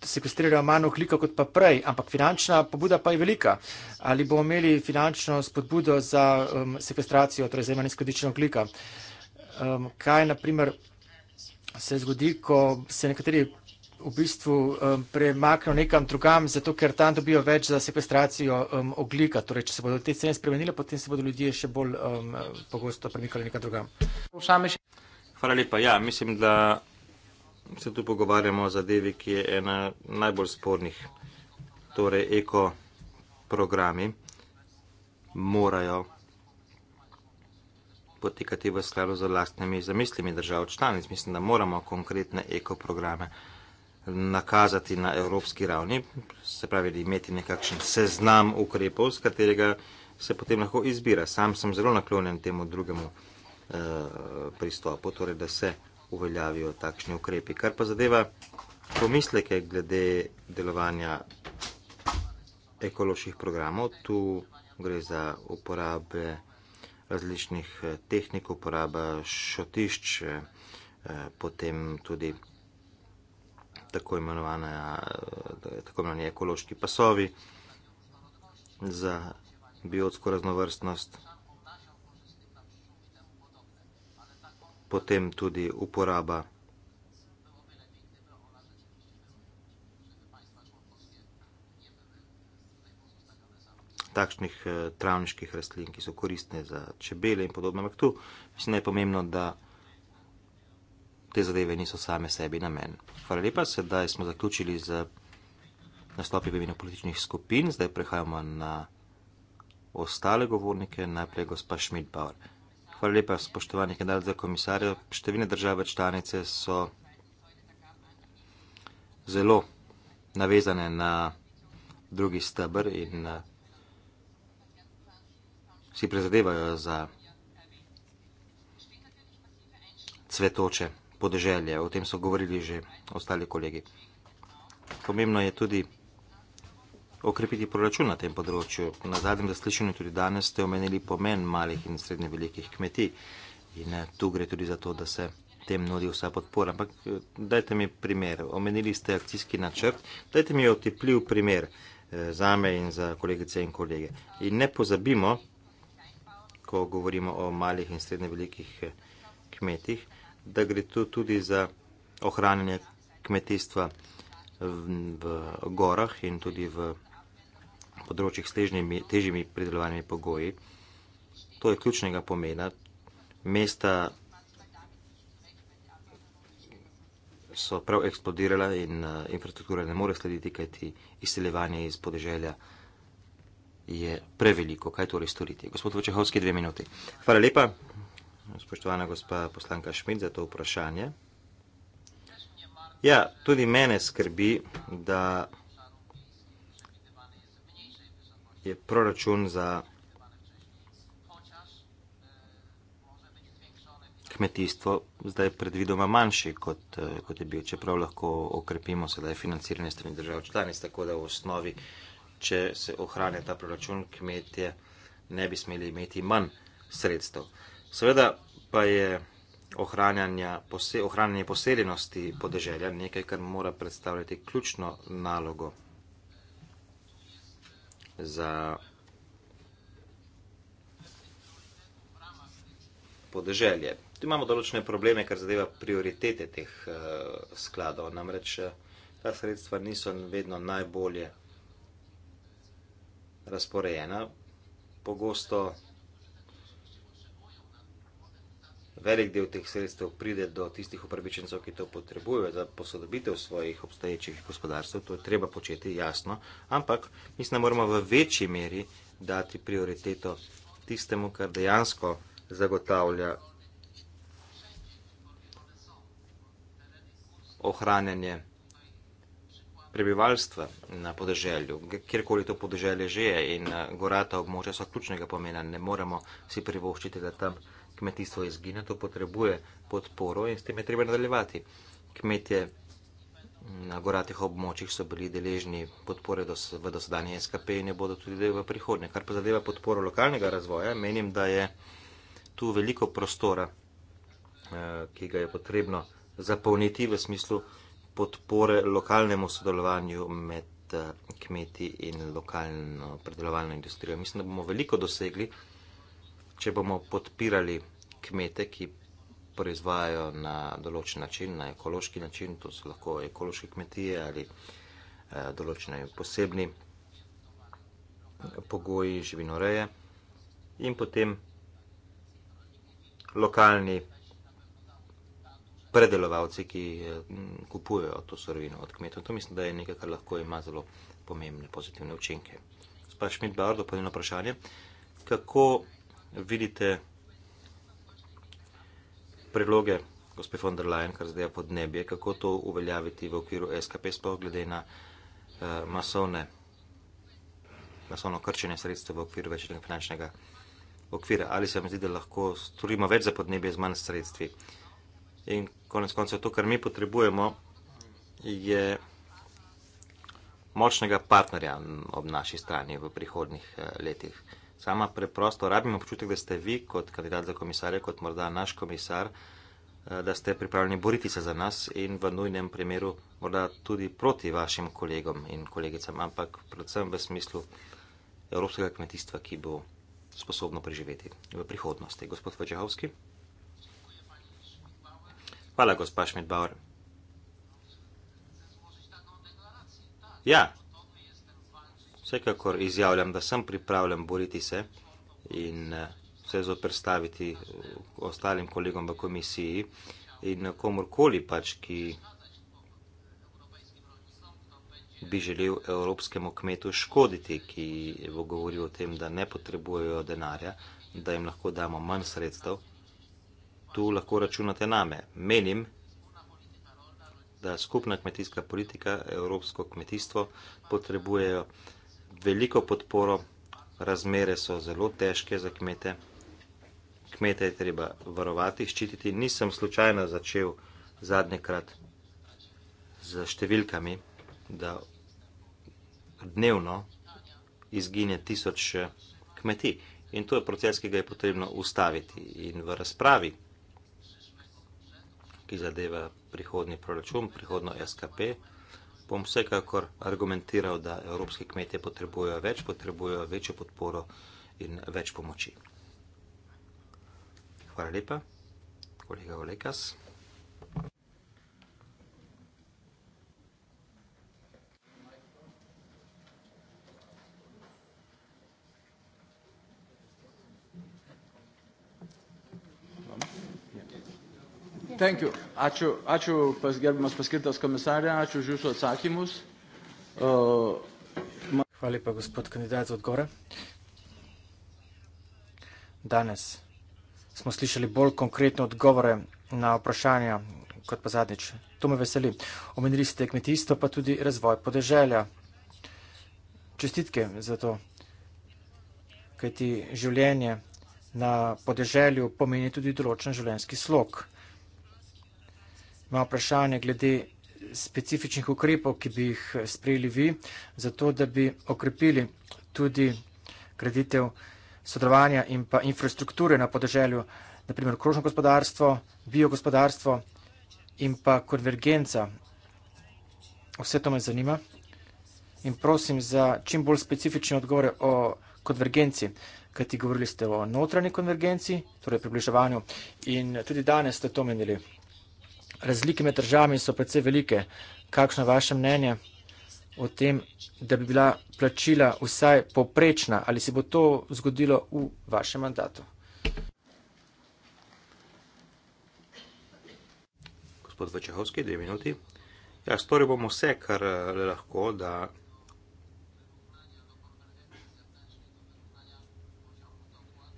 B: sekvestrirajo manj oklika kot pa prej, ampak finančna pobuda pa je velika. Ali bomo imeli finančno spodbudo za um, sekvestracijo, torej zajemanje skladičnega oklika? Um, kaj naprimer se zgodi, ko se nekateri v bistvu um, premaknejo nekam drugam, zato ker tam dobijo več za sekvestracijo um, oglika. Torej, če se bodo te cene spremenile, potem se bodo ljudje še bolj um, pogosto premikali nekam drugam.
A: Hvala lepa. Ja, mislim, da se tu pogovarjamo o zadevi, ki je ena najbolj spornih. Torej, ekoprogrami morajo potekati v skladu z lastnimi zamislimi držav članic. Mislim, da moramo konkretne ekoprograme nakazati na evropski ravni, se pravi, da imeti nekakšen seznam ukrepov, z katerega se potem lahko izbira. Sam sem zelo naklonjen temu drugemu eh, pristopu, torej, da se uveljavijo takšni ukrepi. Kar pa zadeva pomisleke glede delovanja ekoloških programov, tu gre za uporabe različnih eh, tehnik, uporaba šotišč, eh, potem tudi tako imenovane, eh, tako imenovane ekološki pasovi za biotsko raznovrstnost. potem tudi uporaba. Takšnih eh, travniških rastlin, ki so koristne za čebele in podobno. Ampak tu mislim, da je pomembno, da te zadeve niso same sebi na men. Hvala lepa, sedaj smo zaključili z nastopi v imenu političnih skupin, zdaj prehajamo na ostale govornike, najprej gospa Schmidt-Bauer. Hvala lepa, spoštovani kandidat za komisarja. Številne države članice so zelo navezane na drugi stebr in eh, si prizadevajo za cvetoče podeželje. O tem so govorili že ostali kolegi. Pomembno je tudi, okrepiti proračun na tem področju. Na zadnjem zaslišanju tudi danes ste omenili pomen malih in srednje velikih kmetij in eh, tu gre tudi za to, da se tem nudi vsa podpora. Ampak eh, dajte mi primer, omenili ste akcijski načrt, dajte mi otepljiv primer eh, za me in za kolegice in kolege. In ne pozabimo, ko govorimo o malih in srednje velikih kmetih, da gre tu tudi za ohranjanje kmetijstva v gorah in tudi v področjih s težnimi, težjimi pridelovanimi pogoji. To je ključnega pomena. Mesta so prav eksplodirala in uh, infrastruktura ne more slediti, kajti izseljevanje iz podeželja je preveliko. Kaj torej storiti? Gospod Vočehovski, dve minuti. Hvala lepa, spoštovana gospa poslanka Šmit, za to vprašanje. Ja, tudi mene skrbi, da je proračun za kmetijstvo zdaj predvidoma manjši, kot, eh, kot je bil, čeprav lahko okrepimo sedaj financiranje strani držav članic, tako da v osnovi, če se ohranja ta proračun, kmetje ne bi smeli imeti manj sredstev. Seveda pa je ohranjanje poseljenosti podeželja nekaj, kar mora predstavljati ključno nalogo za podeželje. Tu imamo določene probleme, kar zadeva prioritete teh uh, skladov. Namreč eh, ta sredstva niso vedno najbolje razporejena. Pogosto velik del teh sredstev pride do tistih upravičencev, ki to potrebujejo za posodobitev svojih obstoječih gospodarstv. To je treba početi jasno, ampak mislim, da moramo v večji meri dati prioriteto tistemu, kar dejansko zagotavlja ohranjanje prebivalstva na podeželju, kjerkoli to podeželje že je in eh, gorata območja so ključnega pomena. Ne moremo si privoščiti, da tam kmetijstvo izgine, to potrebuje podporo in s tem je treba nadaljevati. Kmetje na goratih območjih so bili deležni podpore dos, v dosedanje SKP in jo bodo tudi v prihodnje. Kar pa zadeva podporo lokalnega razvoja, menim, da je tu veliko prostora, eh, ki ga je potrebno zapolniti v smislu podpore lokalnemu sodelovanju med eh, kmeti in lokalno predelovalno industrijo. Mislim, da bomo veliko dosegli če bomo podpirali kmete, ki proizvajajo na določen način, na ekološki način, to so lahko ekološke kmetije ali eh, določene posebni pogoji živinoreje in potem lokalni predelovalci, ki eh, kupujejo to sorovino od kmetov. To mislim, da je nekaj, kar lahko ima zelo pomembne pozitivne učinke. Spraš Schmidt-Bauer, dopolnjeno vprašanje. Kako vidite predloge gospe von der Leyen, kar zdaj je pod nebje, kako to uveljaviti v okviru SKP, sploh glede na eh, masovne, masovno krčenje sredstva v okviru večetnega finančnega okvira. Ali se vam zdi, da lahko storimo več za podnebje z manj sredstvi? In konec koncev to, kar mi potrebujemo, je močnega partnerja mm, ob naši strani v prihodnih eh, letih. Sama preprosto rabim občutek, da ste vi kot kandidat za komisarja, kot morda naš komisar, eh, da ste pripravljeni boriti se za nas in v nujnem primeru morda tudi proti vašim kolegom in kolegicam, ampak predvsem v smislu evropskega kmetijstva, ki bo sposobno preživeti v prihodnosti. Gospod Vačehovski. Hvala, gospa Šmitbauer. Ja. Yeah. Vsekakor izjavljam, da sem pripravljen boriti se in eh, se zoprstaviti eh, ostalim kolegom v komisiji in eh, komorkoli pač, ki bi želel evropskemu kmetu škoditi, ki bo govoril o tem, da ne potrebujejo denarja, da jim lahko damo manj sredstev. Tu lahko računate name. Menim, da skupna kmetijska politika, evropsko kmetijstvo potrebujejo veliko podporo, razmere so zelo težke za kmete. Kmete je treba varovati, ščititi. Nisem slučajno začel zadnji krat z številkami, da dnevno izgine tisoč eh, kmetij. In to je proces, ki ga je potrebno ustaviti. In v razpravi, ki zadeva prihodni proračun, prihodno SKP, bom vsekakor argumentiral, da evropske kmetje potrebujejo več, potrebujejo večjo podporo in več pomoči. Hvala lepa, kolega Olekas.
C: Thank
B: you. Ačiū, ačiū pas gerbimas paskirtas komisarė, ačiū už jūsų atsakymus. Uh, ma... Hvala lepa, gospod kandidat, za odgovore. Danes smo slišali bolj konkretne odgovore na vprašanja kot pa zadnjič. To me veseli. Omenili ste kmetijstvo, pa tudi razvoj podeželja. Čestitke za to, kajti življenje na podeželju pomeni tudi določen življenjski slog ima vprašanje glede specifičnih ukrepov, ki bi jih sprejeli vi, zato da bi okrepili tudi kreditev sodelovanja in pa infrastrukture na podeželju, naprimer krožno gospodarstvo, biogospodarstvo in pa konvergenca. Vse to me zanima in prosim za čim bolj specifične odgovore o konvergenci, kajti govorili ste o notranji konvergenci, torej približevanju in tudi danes ste to menili. Razlike med državami so predvsej velike. Kakšno je vaše mnenje o tem, da bi bila plačila vsaj poprečna ali se bo to zgodilo v vašem mandatu?
A: Gospod Vačehovski, dve minuti. Ja, storili bomo vse, kar le lahko, da.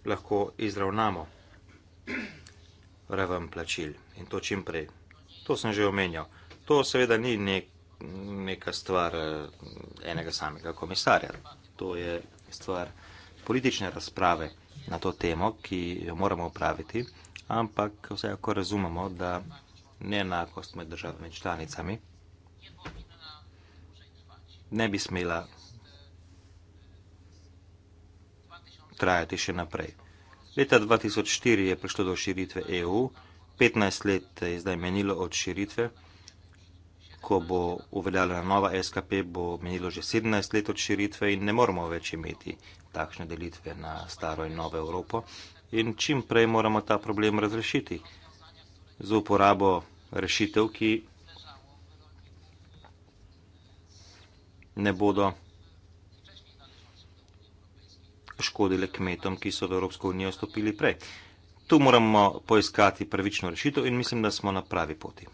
A: Lahko izravnamo raven plačil in to čim prej. To sem že omenjal. To seveda ni nek, neka stvar eh, enega samega komisarja. To je stvar politične razprave na to temo, ki jo moramo upraviti, ampak vsekako razumemo, da neenakost med državami članicami ne bi smela trajati še naprej. Leta 2004 je prišlo do širitve EU. 15 let je zdaj menilo od širitve. Ko bo uveljavljena nova SKP, bo menilo že 17 let od širitve in ne moramo več imeti takšne delitve na staro in novo Evropo. In čim prej moramo ta problem razrešiti z uporabo rešitev, ki ne bodo škodile kmetom, ki so v Evropsko unijo stopili prej. Tu moramo poiskati pravično rešitev in mislim, da smo na pravi poti.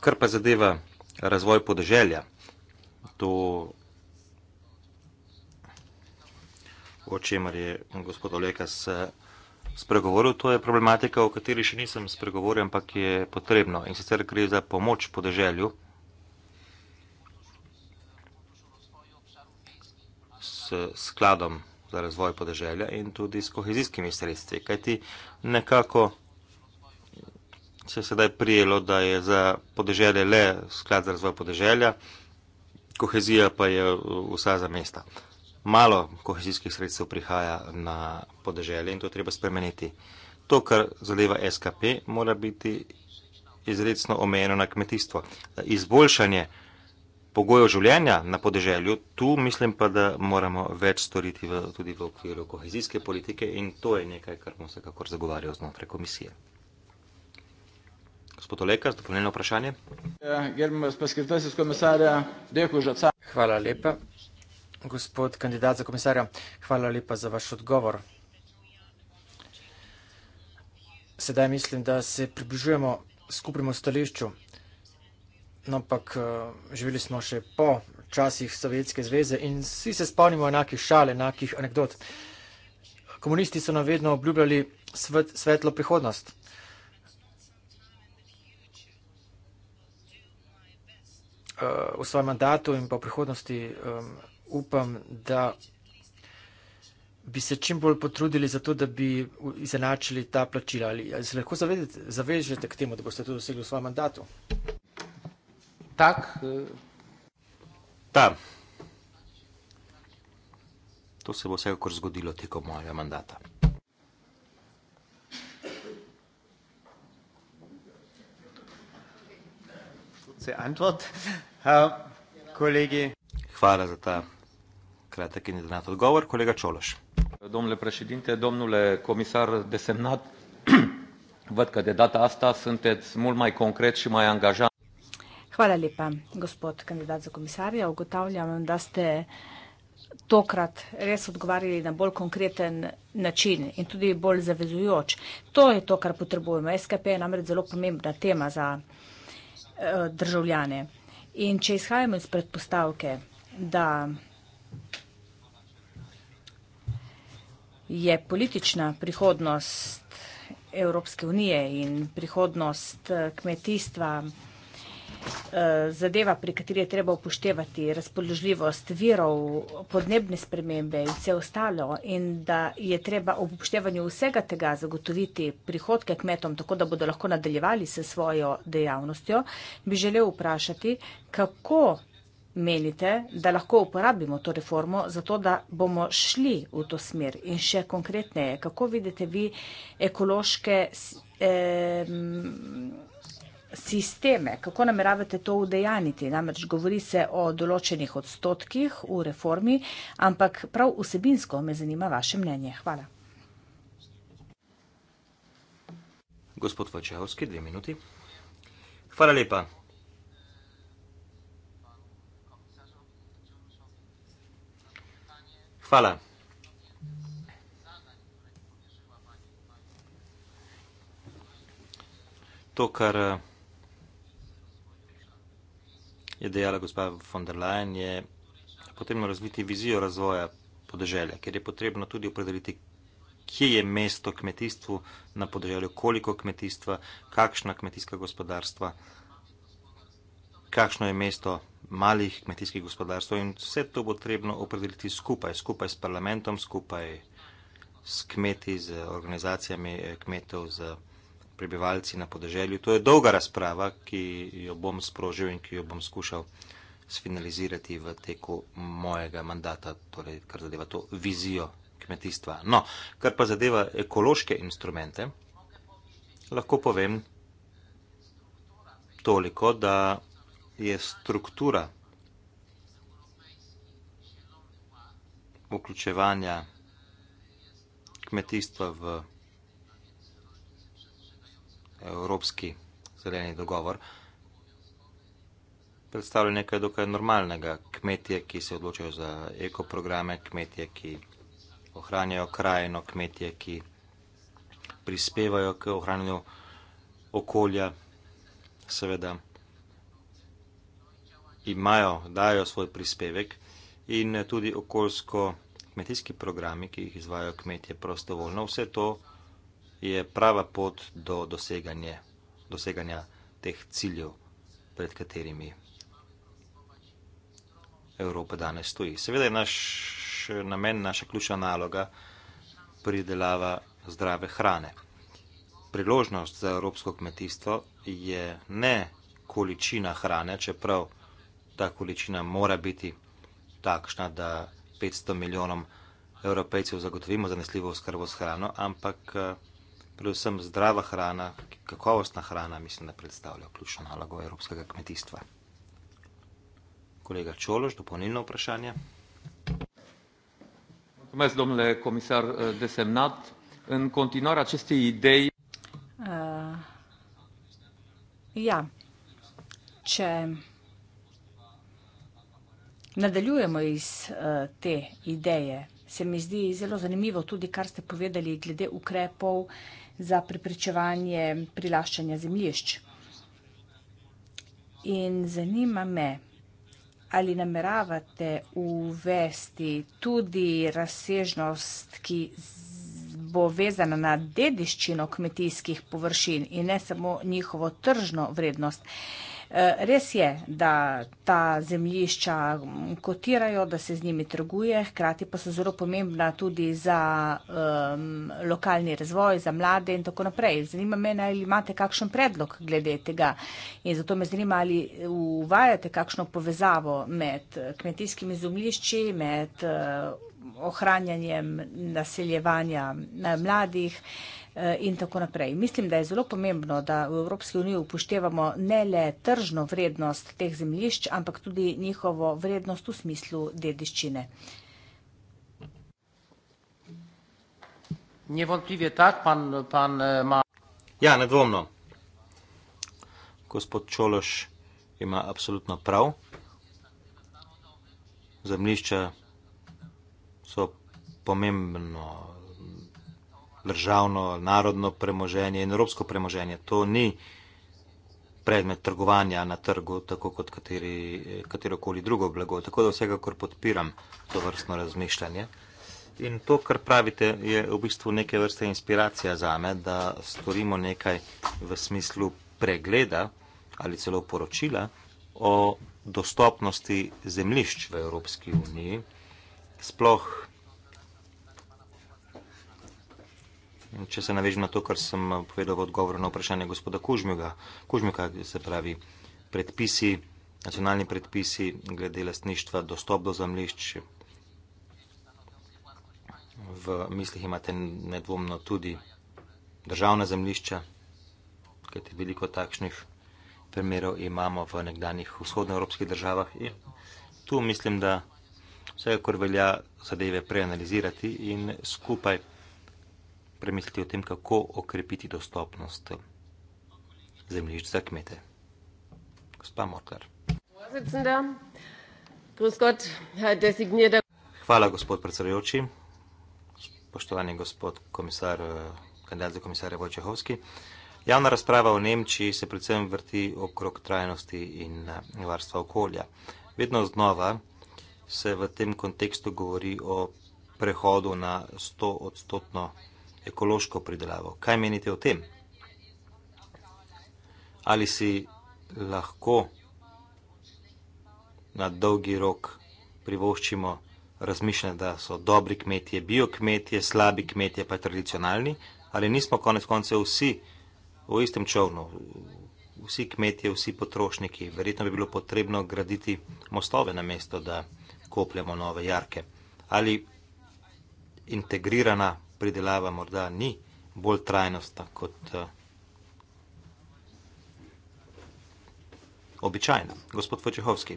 A: Kar pa zadeva razvoj podeželja, to, o čemer je gospod Olekas spregovoril, to je problematika, o kateri še nisem spregovoril, ampak je potrebno. In sicer gre za pomoč podeželju. S skladom za razvoj podeželja in tudi s kohezijskimi sredstvi. Kajti nekako se je sedaj prijelo, da je za podeželje le sklad za razvoj podeželja, kohezija pa je vsa za mesta. Malo kohezijskih sredstev prihaja na podeželje in to treba spremeniti. To, kar zadeva SKP, mora biti izredno omejeno na kmetijstvo. Izboljšanje pogojev življenja na podeželju, tu mislim pa, da moramo več storiti v, tudi v okviru kohezijske politike in to je nekaj, kar bomo vsekakor zagovarjali znotraj komisije. Gospod Oleka, dopolnjeno vprašanje.
B: Ja, hvala lepa, gospod kandidat za komisarja. Hvala lepa za vaš odgovor. Sedaj mislim, da se približujemo skupnemu stališču. No, ampak eh, živeli smo še po časih Sovjetske zveze in vsi se spomnimo enakih šal, enakih anegdot. Komunisti so nam vedno obljubljali svet, svetlo prihodnost. Eh, v svojem mandatu in pa v prihodnosti upam, da bi se čim bolj potrudili za to, da bi izenačili ta plačila. Ali se lahko zavežete k temu, da boste to dosegli v svojem mandatu? Так?
A: Da. E, to se bo vsekakor zgodilo tekom mojega mandata. Hvala za ta kratek in jedenat odgovor. Kolega Čološ. Domnule președinte, domnule comisar desemnat, văd că de data asta sunteți mult mai concret și mai angajat.
C: Hvala lepa, gospod kandidat za komisarja. Ugotavljam, da ste tokrat res odgovarjali na bolj konkreten način in tudi bolj zavezujoč. To je to, kar potrebujemo. SKP je namreč zelo pomembna tema za eh, državljane. In če izhajamo iz predpostavke, da je politična prihodnost Evropske unije in prihodnost eh, kmetijstva, Eh, zadeva, pri kateri je treba upoštevati razpoložljivost virov, podnebne spremembe in vse ostalo in da je treba ob upoštevanju vsega tega zagotoviti prihodke kmetom, tako da bodo lahko nadaljevali se svojo dejavnostjo, bi želel vprašati, kako menite, da lahko uporabimo to reformo za to, da bomo šli v to smer in še konkretneje, kako vidite vi ekološke. Eh, sisteme, kako nameravate to udejaniti. Namreč govori se o določenih odstotkih v reformi, ampak prav vsebinsko me zanima vaše mnenje. Hvala.
A: Gospod Vačevski, dve minuti. Hvala lepa. Hvala. To, kar je dejala gospa von der Leyen, je potrebno razviti vizijo razvoja podeželja, ker je potrebno tudi opredeliti, kje je mesto kmetijstvu na podeželju, koliko kmetijstva, kakšna kmetijska gospodarstva, kakšno je mesto malih kmetijskih gospodarstv in vse to bo potrebno opredeliti skupaj, skupaj s parlamentom, skupaj s kmeti, z organizacijami eh, kmetov, z organizacijami kmetov, prebivalci na podeželju. To je dolga razprava, ki jo bom sprožil in ki jo bom skušal sfinalizirati v teku mojega mandata, torej kar zadeva to vizijo kmetijstva. No, kar pa zadeva ekološke instrumente, lahko povem toliko, da je struktura vključevanja kmetijstva v Evropski zeleni dogovor, predstavlja nekaj dokaj normalnega. Kmetje, ki se odločajo za ekoprograme, kmetje, ki ohranjajo krajino, kmetje, ki prispevajo k ohranjanju okolja, seveda imajo, dajo svoj prispevek in tudi okoljsko-kmetijski programi, ki jih izvajo kmetje prostovoljno, vse to je prava pot do doseganja teh ciljev, pred katerimi Evropa danes stoji. Seveda je naš namen, naša ključna naloga pridelava zdrave hrane. Priložnost za evropsko kmetijstvo je ne količina hrane, čeprav ta količina mora biti takšna, da 500 milijonom evropejcev zagotovimo zanesljivo oskrbo s hrano, ampak predvsem zdrava hrana, kakovostna hrana, mislim, da predstavlja ključno nalogo evropskega kmetijstva. Kolega Čološ, dopolnilno vprašanje. Domnule komisar, eh, da sem
B: nad in kontinuira česti ideji.
C: Uh, eh, ja, če nadaljujemo iz uh, te ideje, se mi zdi zelo zanimivo tudi, kar ste povedali glede ukrepov uh, za preprečevanje prilaščanja zemljišč. In zanima me, ali nameravate uvesti tudi razsežnost, ki bo vezana na dediščino kmetijskih površin in ne samo njihovo tržno vrednost. Eh, res je, da ta zemljišča kotirajo, da se z njimi trguje, hkrati pa so zelo pomembna tudi za um, lokalni razvoj, za mlade in tako naprej. Zanima me, ali imate kakšen predlog glede tega in zato me zanima, ali uvajate kakšno povezavo med eh, kmetijskimi zemljišči, med uh, ohranjanjem naseljevanja mladih. Eh, in tako naprej. Mislim, da je zelo pomembno, da v Evropski uniji upoštevamo ne le tržno vrednost teh zemljišč, ampak tudi njihovo vrednost v smislu dediščine.
B: E, ja, nedvomno.
A: Gospod Čološ ima absolutno prav. Zemljišča so pomembno državno, narodno premoženje in evropsko premoženje. To ni predmet trgovanja na trgu, tako kot kateri, katero koli drugo blago. Tako da vsekakor podpiram to vrstno razmišljanje. In to, kar pravite, je v bistvu neke vrste inspiracija za me, da storimo nekaj v smislu pregleda ali celo poročila o dostopnosti zemljišč v Evropski uniji. Sploh če se navežem na to, kar sem eh, povedal v odgovoru na vprašanje gospoda Kužmjuga. Kužmjuga, se pravi, predpisi, nacionalni predpisi glede lastništva, dostop do zemljišč. V mislih imate nedvomno tudi državna zemljišča, kajti veliko takšnih primerov imamo v nekdanjih vzhodnoevropskih državah. In tu mislim, da vsekakor velja zadeve preanalizirati in skupaj premisliti o tem, kako okrepiti dostopnost zemljišč za kmete. Gospa Morkar. Hvala, gospod predsedujoči. Poštovani gospod komisar, eh, kandidat za komisarja Vojčehovski. Javna razprava v Nemčiji se predvsem vrti okrog trajnosti in eh, varstva okolja. Vedno znova se v tem kontekstu govori o prehodu na 100-odstotno ekološko pridelavo. Kaj menite o tem? Ali si lahko na dolgi rok privoščimo razmišljanje, da so dobri kmetje, biokmetje, slabi kmetje, pa tradicionalni, ali nismo konec koncev vsi v istem čovnu, vsi kmetje, vsi potrošniki. Verjetno bi bilo potrebno graditi mostove na mesto, da kopljemo nove jarke. Ali integrirana pridelava morda ni bolj trajnostna kot uh, običajna. Gospod Vojčehovski,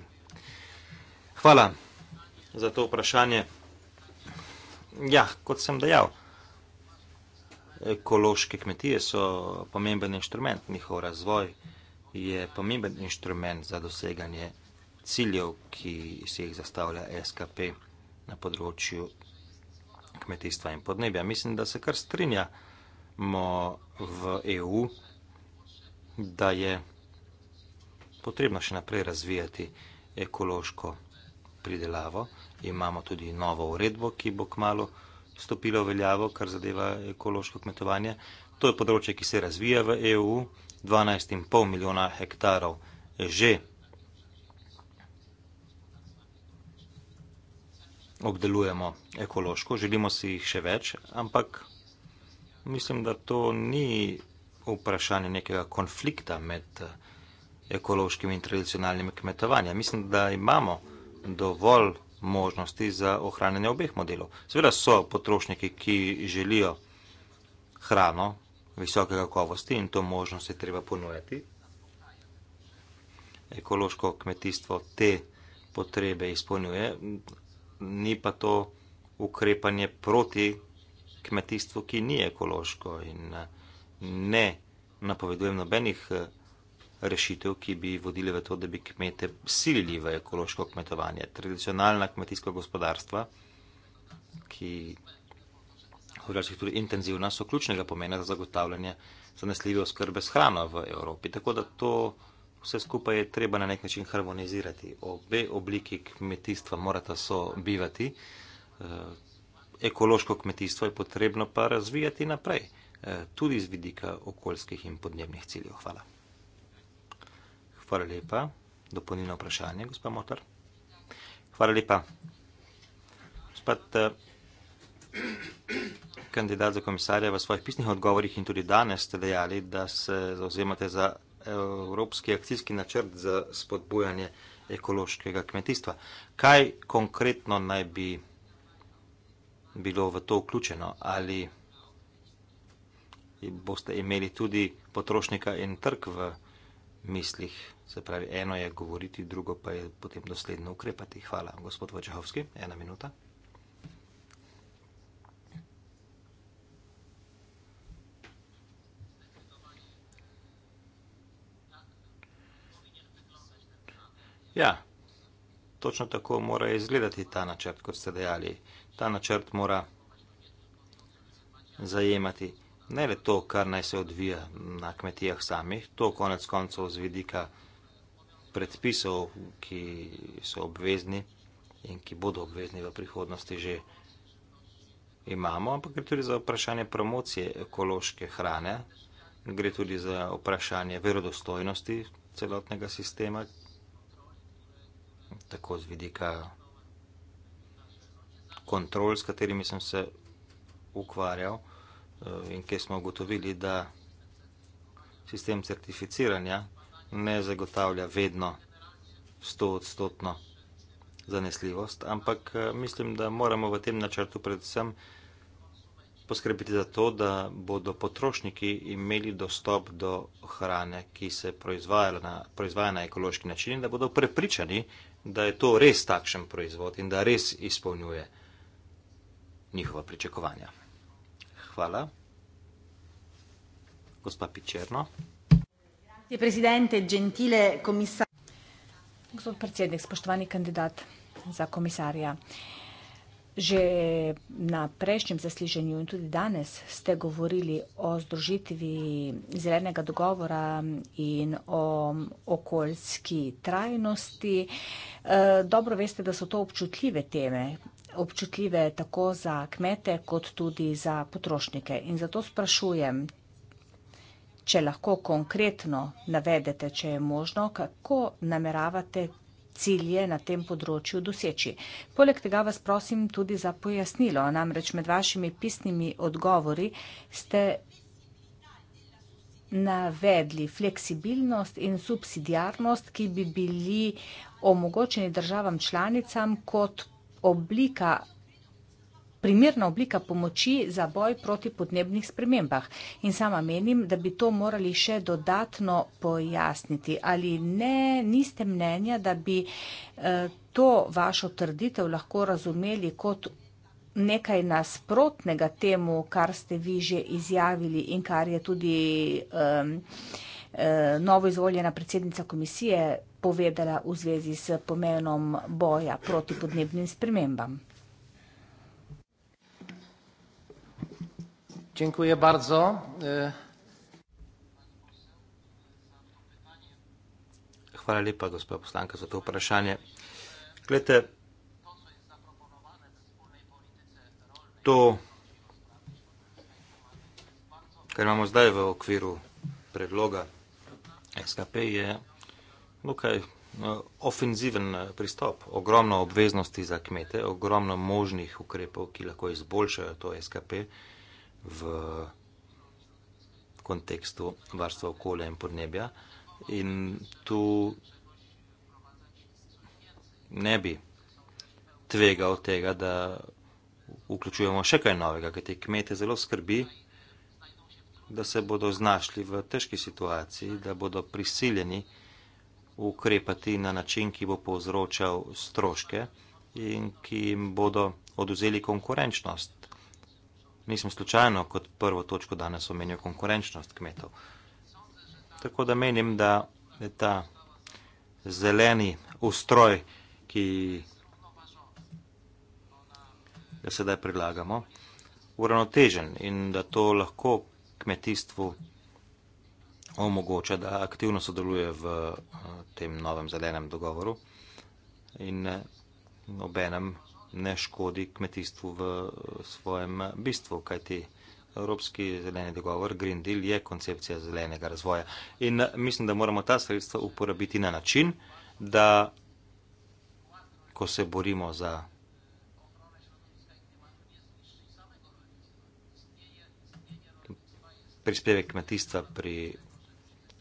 A: hvala za to vprašanje. Ja, kot sem dejal, ekološke kmetije so pomemben inštrument, njihov razvoj je pomemben inštrument za doseganje ciljev, ki se jih zastavlja SKP na področju kmetijstva in podnebja. Mislim, da se kar strinjamo v EU, da je potrebno še naprej razvijati ekološko pridelavo. Imamo tudi novo uredbo, ki bo kmalo stopila v veljavo, kar zadeva ekološko kmetovanje. To je področje, ki se razvija v EU. 12,5 milijona hektarov že obdelujemo ekološko, želimo si jih še več, ampak mislim, da to ni vprašanje nekega konflikta med eh, ekološkim in tradicionalnim kmetovanjem. Mislim, da imamo dovolj možnosti za ohranjanje obeh modelov. Seveda so potrošniki, ki želijo hrano visoke kakovosti in to možnost je treba ponujati. Ekološko kmetijstvo te potrebe izpolnjuje, ni pa to ukrepanje proti kmetijstvu, ki ni ekološko in eh, ne napovedujem nobenih eh, rešitev, ki bi vodile v to, da bi kmete silili v ekološko kmetovanje. Tradicionalna kmetijska gospodarstva, ki so včasih tudi intenzivna, so ključnega pomena za zagotavljanje zanesljive oskrbe s hrano v Evropi. Tako da to vse skupaj je treba na nek način harmonizirati. Obe obliki kmetijstva morata sobivati. E, ekološko kmetijstvo je potrebno pa razvijati naprej, e, tudi z vidika okoljskih in podnebnih ciljev. Hvala. Hvala lepa. Dopolnilno vprašanje, gospod Motor. Hvala lepa. Gospod e, kandidat za komisarja, v svojih pisnih odgovorih in tudi danes ste dejali, da se zauzemate za Evropski akcijski načrt za spodbujanje ekološkega kmetijstva. Kaj konkretno naj bi bilo v to vključeno? Ali boste imeli tudi potrošnika in trg v mislih? Se pravi, eno je govoriti, drugo pa je potem dosledno ukrepati. Hvala, gospod Vačehovski. Ena minuta. Ja, točno tako mora izgledati ta načrt, kot ste dejali. Ta načrt mora zajemati ne le to, kar naj se odvija na kmetijah samih, to konec koncev z vidika predpisov, ki so obvezni in ki bodo obvezni v prihodnosti že imamo, ampak gre tudi za vprašanje promocije ekološke hrane, gre tudi za vprašanje verodostojnosti celotnega sistema, tako z vidika kontrol, s katerimi sem se ukvarjal eh, in kjer smo ugotovili, da sistem certificiranja ne zagotavlja vedno 100-odstotno zanesljivost, ampak eh, mislim, da moramo v tem načrtu predvsem vsega, poskrbiti za to, da bodo potrošniki imeli dostop do hrane, ki se proizvaja na ekološki način in da bodo prepričani, da je to res takšen proizvod in da res izpolnjuje njihova pričakovanja. Hvala. Gospa Pičerno.
C: Gospod predsednik, gentile komisar. Gospod predsednik, spoštovani kandidat za komisarja. Že na prejšnjem zasliženju in tudi danes ste govorili o združitvi zelenega dogovora in o okoljski trajnosti. Eh, dobro veste, da so to občutljive teme, občutljive tako za kmete kot tudi za potrošnike. In zato sprašujem, če lahko konkretno navedete, če je možno, kako nameravate cilje na tem področju doseči. Poleg tega vas prosim tudi za pojasnilo, namreč med vašimi pisnimi odgovori ste navedli fleksibilnost in subsidijarnost, ki bi bili omogočeni državam članicam kot oblika primirna oblika pomoči za boj proti podnebnih spremembah. In sama menim, da bi to morali še dodatno pojasniti. Ali ne, niste mnenja, da bi eh, to vašo trditev lahko razumeli kot nekaj nasprotnega temu, kar ste vi že izjavili in kar je tudi um, eh, novo izvoljena predsednica komisije povedala v zvezi s pomenom boja proti podnebnim spremembam. Dziękuję bardzo. E,
A: hvala lepa, gospod poslanka, za to vprašanje. Glede, to, kar imamo zdaj v okviru predloga SKP, je nekaj no, ofenziven eh, pristop. Ogromno obveznosti za kmete, ogromno možnih ukrepov, ki lahko izboljšajo to SKP, ki lahko izboljšajo to SKP, v kontekstu varstva okolja in podnebja. In tu ne bi tvegal tega, da vključujemo še kaj novega, kaj te kmete zelo skrbi, da se bodo znašli v težki situaciji, da bodo prisiljeni ukrepati na način, ki bo povzročal stroške in ki jim bodo oduzeli konkurenčnost nisem slučajno kot prvo točko danes omenil konkurenčnost kmetov. Tako da menim, da je ta zeleni ustroj, ki ga sedaj predlagamo, uravnotežen in da to lahko kmetijstvu omogoča, da aktivno sodeluje v eh, tem novem zelenem dogovoru in eh, obenem ne škodi kmetijstvu v eh, svojem eh, bistvu, kajti Evropski zeleni dogovor, Green Deal, je koncepcija zelenega razvoja. In eh, mislim, da moramo ta sredstva uporabiti na način, da ko se borimo za prispevek kmetijstva pri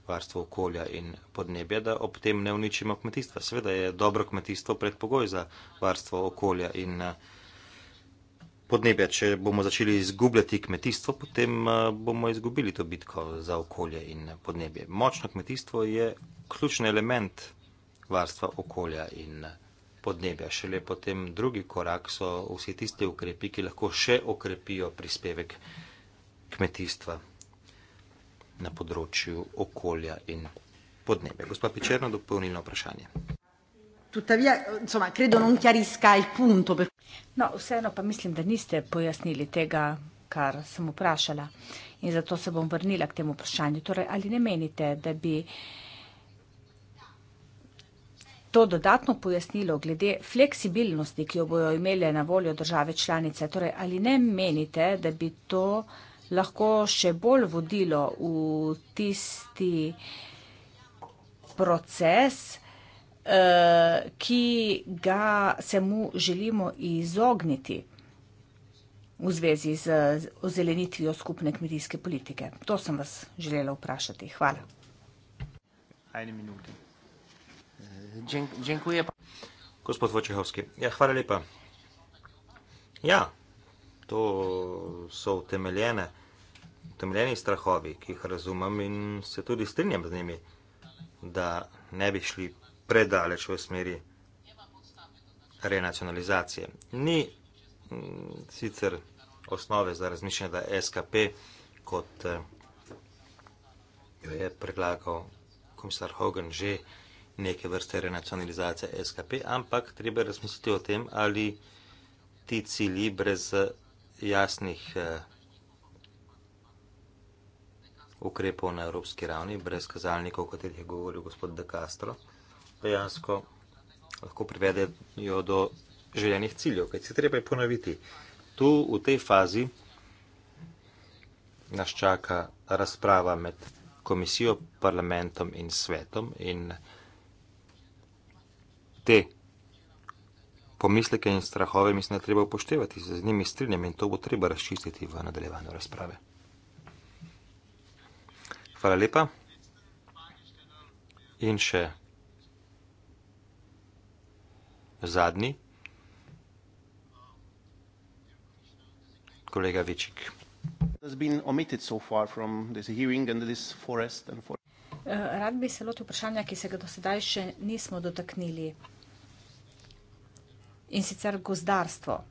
A: varstvo okolja in podnebja, da ob tem ne uničimo kmetijstva. Seveda je dobro kmetijstvo predpogoj za varstvo okolja in eh, podnebja. Če bomo začeli izgubljati kmetijstvo, potem eh, bomo izgubili to bitko za okolje in podnebje. Močno kmetijstvo je ključni element varstva okolja in eh, podnebja. Šele potem drugi korak so vsi tisti ukrepi, ki lahko še okrepijo prispevek kmetijstva na področju okolja in podnebja. Gospa Pičerno, dopolnilno vprašanje.
C: Tuttavia, insomma, credo non chiarisca il punto. Per... No, vseeno pa mislim, da niste pojasnili tega, kar sem vprašala. In zato se bom vrnila k temu vprašanju. Torej, ali ne menite, da bi to dodatno pojasnilo glede fleksibilnosti, ki jo bojo imele na voljo države članice, torej, ali ne menite, da bi to lahko še bolj vodilo v tisti proces, eh, ki ga se mu želimo izogniti v zvezi z ozelenitvijo skupne kmetijske politike. To sem vas želela vprašati. Hvala.
A: Gospod Vočehovski, ja, hvala lepa. Ja, to so utemeljene, utemeljeni strahovi, ki jih razumem in se tudi strinjam z njimi, da ne bi šli predaleč v smeri renacionalizacije. Ni mm, sicer osnove za razmišljanje, da SKP, kot eh, jo je predlagal komisar Hogan, že neke vrste renacionalizacije SKP, ampak treba razmisliti o tem, ali ti cilji brez jasnih eh, ukrepov na evropski ravni, brez kazalnikov, o katerih je govoril gospod De Castro, dejansko lahko privedejo do željenih ciljev. Kaj se treba je ponoviti? Tu v tej fazi nas čaka razprava med komisijo, parlamentom in svetom in te pomisleke in strahove mislim, da treba upoštevati, se z njimi strinjam in to bo treba razčistiti v nadaljevanju razprave. Hvala lepa. In še zadnji. Kolega
B: Večik.
C: Eh, rad bi se lotil vprašanja, ki se ga do sedaj še nismo dotaknili in sicer gozdarstvo.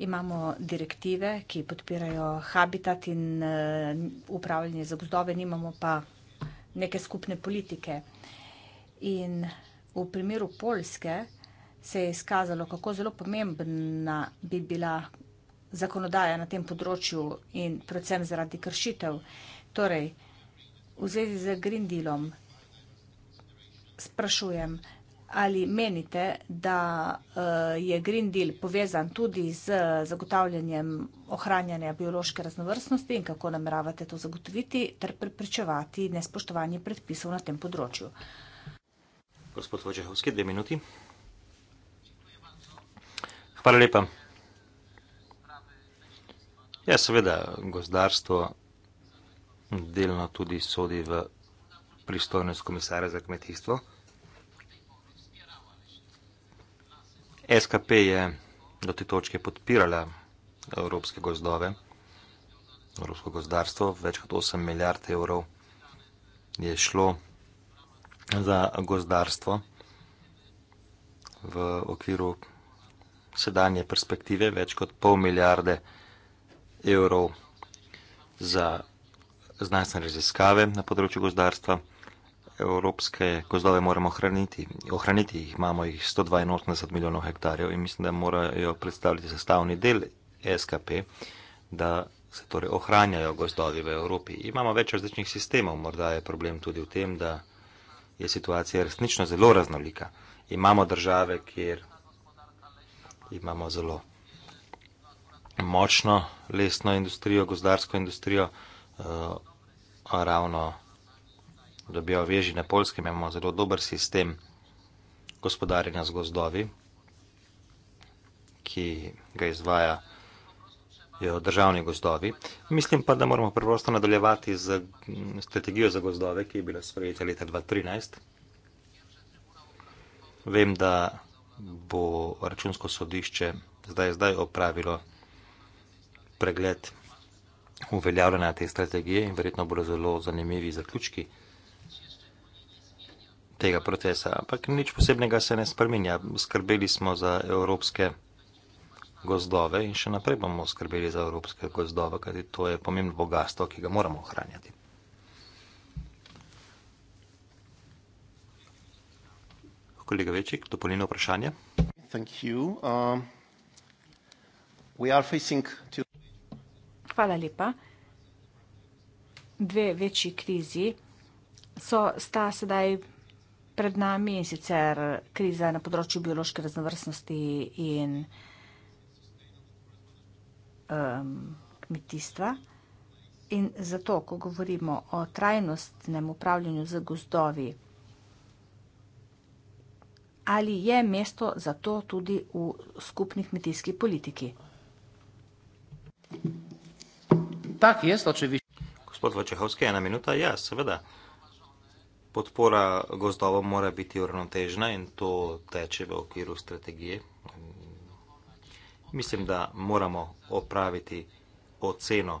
C: Imamo direktive, ki podpirajo habitat in eh, upravljanje za gozdove, nimamo pa neke skupne politike. In v primeru Polske se je izkazalo, kako zelo pomembna bi bila zakonodaja na tem področju in predvsem zaradi kršitev. Torej, v zvezi z Green Dealom sprašujem, ali menite, da eh, je Green Deal povezan tudi z zagotavljanjem ohranjanja biološke raznovrstnosti in kako nameravate to zagotoviti ter preprečevati nespoštovanje predpisov na tem področju.
A: Gospod Vojčehovski, dve minuti. Hvala lepa. Ja, seveda, gozdarstvo delno tudi sodi v pristojnost komisarja za kmetijstvo. SKP je do te točke podpirala evropske gozdove, evropsko gozdarstvo, več kot 8 milijard evrov je šlo za gozdarstvo v okviru sedanje perspektive, več kot pol milijarde evrov za znanstvene raziskave na področju gozdarstva evropske gozdove moramo hraniti. Ohraniti jih imamo jih 182 milijonov hektarjev in mislim, da morajo predstavljati sestavni del SKP, da se torej ohranjajo gozdovi v Evropi. Imamo več različnih sistemov, morda je problem tudi v tem, da je situacija resnično zelo raznolika. Imamo države, kjer imamo zelo močno lesno industrijo, gozdarsko industrijo, uh, ravno dobijo veži na polskem, imamo zelo dober sistem gospodarjenja z gozdovi, ki ga izvaja državni gozdovi. Mislim pa, da moramo preprosto nadaljevati z mm, strategijo za gozdove, ki je bila sprejeta leta 2013. Vem, da bo računsko sodišče zdaj, zdaj opravilo pregled uveljavljanja te strategije in verjetno bodo zelo zanimivi zaključki tega procesa. Ampak nič posebnega se ne spreminja. Skrbeli smo za evropske gozdove in še naprej bomo skrbeli za evropske gozdove, kajti to je pomembno bogatstvo, ki ga moramo ohranjati. Kolega Večik, dopolnilno vprašanje. Um,
C: Hvala lepa. Dve večji krizi so sta sedaj pred nami in sicer kriza na področju biološke raznovrstnosti in um, kmetijstva. In zato, ko govorimo o trajnostnem upravljanju z gozdovi, ali je mesto za to tudi v skupni kmetijski politiki? Tak, jaz
A: očevišče. Gospod Vačehovski, ena minuta, ja, seveda podpora gozdovom mora biti uravnotežena in to teče v okviru strategije. Mislim, da moramo opraviti oceno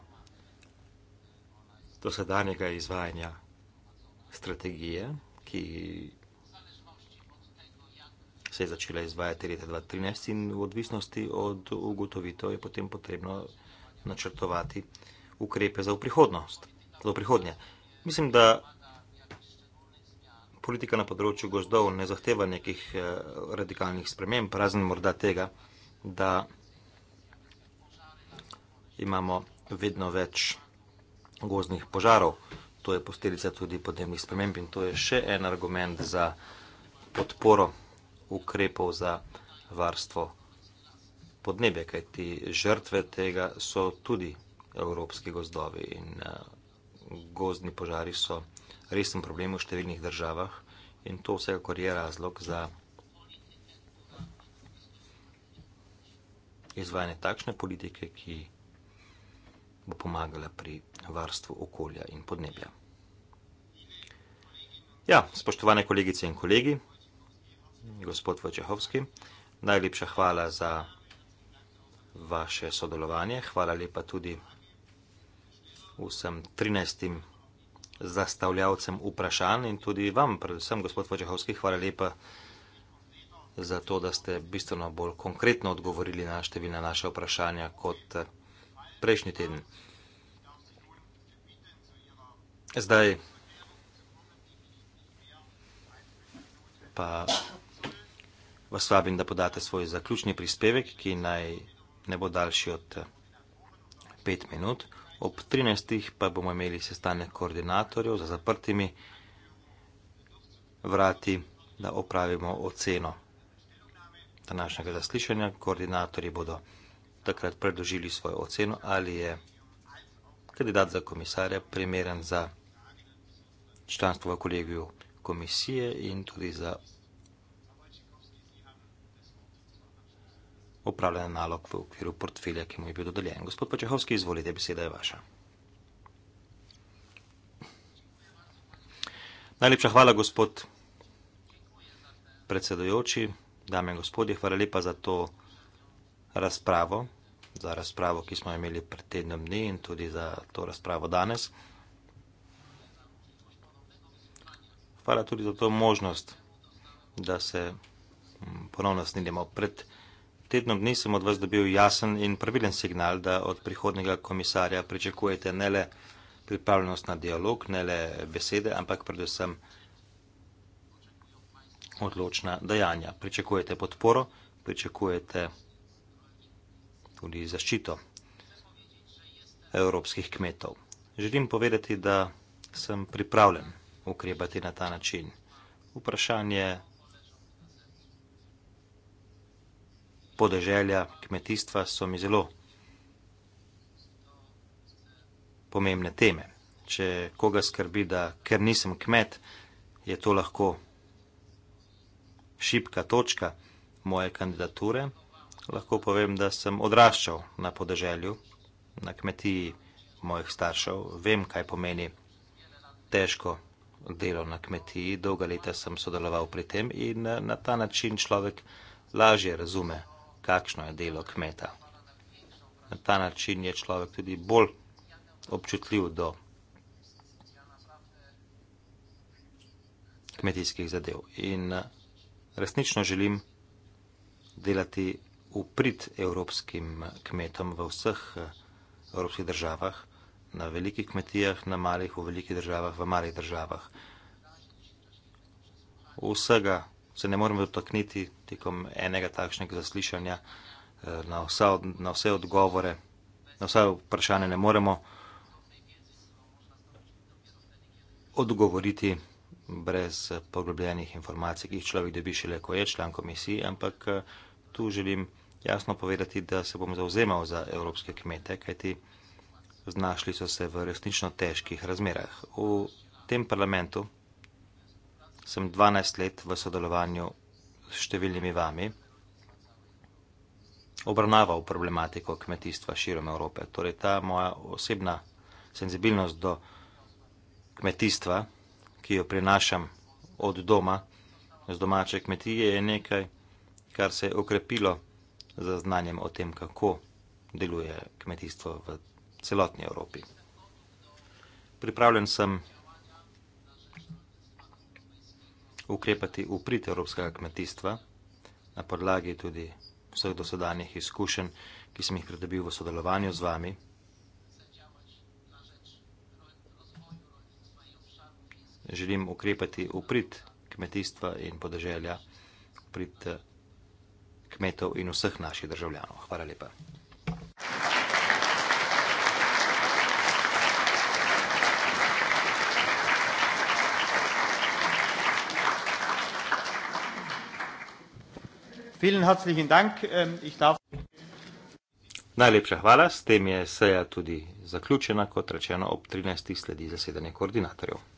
A: dosedanjega izvajanja strategije, ki se je začela izvajati leta 2013 in v odvisnosti od ugotovitev je potem potrebno načrtovati ukrepe za v prihodnost, za v prihodnje. Mislim, da politika na področju gozdov ne zahteva nekih eh, radikalnih sprememb, razen morda tega, da imamo vedno več gozdnih požarov. To je posteljica tudi podnebnih sprememb in to je še en argument za podporo ukrepov za varstvo podnebja, kajti žrtve tega so tudi evropski gozdovi in eh, gozdni požari so vsega resen problem v številnih državah in to vsekakor je razlog za izvajanje takšne politike, ki bo pomagala pri varstvu okolja in podnebja. Ja, spoštovane kolegice in kolegi, gospod Vojčehovski, najlepša hvala za vaše sodelovanje, hvala lepa tudi vsem 13 zastavljavcem vprašanj in tudi vam, predvsem gospod Vojčehovski, hvala lepa za to, da ste bistveno bolj konkretno odgovorili na številna naše vprašanja kot eh, prejšnji teden. Zdaj pa vas vabim, da podate svoj zaključni prispevek, ki naj ne bo daljši od eh, pet minut. Ob 13. pa bomo imeli sestanek koordinatorjev za zaprtimi vrati, da opravimo oceno današnjega zaslišanja. Koordinatorji bodo takrat predložili svojo oceno, ali je kandidat za komisarja primeren za članstvo v kolegiju komisije in tudi za upravljanja nalog v okviru portfelja, ki mu je bil dodeljen. Gospod Pačehovski, izvolite, beseda je vaša. Najlepša hvala, gospod predsedujoči, dame in gospodje, hvala lepa za to razpravo, za razpravo, ki smo imeli pred tednom dni in tudi za to razpravo danes. Hvala tudi za to možnost, da se mm, ponovno snidimo pred tednom tednom dni sem od vas dobil jasen in pravilen signal, da od prihodnega komisarja pričakujete ne le pripravljenost na dialog, ne le besede, ampak predvsem odločna dejanja. Pričakujete podporo, pričakujete tudi zaščito evropskih kmetov. Želim povedati, da sem pripravljen ukrepati na ta način. Vprašanje je, podeželja, kmetijstva so mi zelo pomembne teme. Če koga skrbi, da ker nisem kmet, je to lahko šipka točka moje kandidature, lahko povem, da sem odraščal na podeželju, na kmetiji mojih staršev, vem, kaj pomeni težko delo na kmetiji, dolga leta sem sodeloval pri tem in eh, na ta način človek lažje razume kakšno je delo kmeta. Na ta način je človek tudi bolj občutljiv do kmetijskih zadev. In eh, resnično želim delati v prid evropskim eh, kmetom v vseh eh, evropskih državah, na velikih kmetijah, na malih, v velikih državah, v malih državah. Vsega se ne morem dotakniti tekom enega takšnega zaslišanja, eh, na, vsa, na vse odgovore, na vse vprašanje ne moremo odgovoriti brez poglobljenih informacij, ki jih človek dobi šele, ko je član komisije, ampak eh, tu želim jasno povedati, da se bom zauzemal za evropske kmete, kajti znašli so se v resnično težkih razmerah. V tem parlamentu sem 12 let v sodelovanju s številnimi vami obravnaval problematiko kmetijstva širom Evrope. Torej ta moja osebna senzibilnost do kmetijstva, ki jo prinašam od doma, z domače kmetije, je nekaj, kar se je okrepilo za znanjem o tem, kako deluje kmetijstvo v celotni Evropi. Pripravljen sem ukrepati v prid evropskega kmetijstva, na podlagi tudi vseh dosedanjih izkušenj, ki sem jih pridobil v sodelovanju z vami. Želim ukrepati v prid kmetijstva in podeželja, v prid eh, kmetov in vseh naših državljanov. Hvala lepa. Ähm, Najlepša hvala, s tem je seja tudi zaključena, kot rečeno, ob 13. sledi zasedanje koordinatorjev.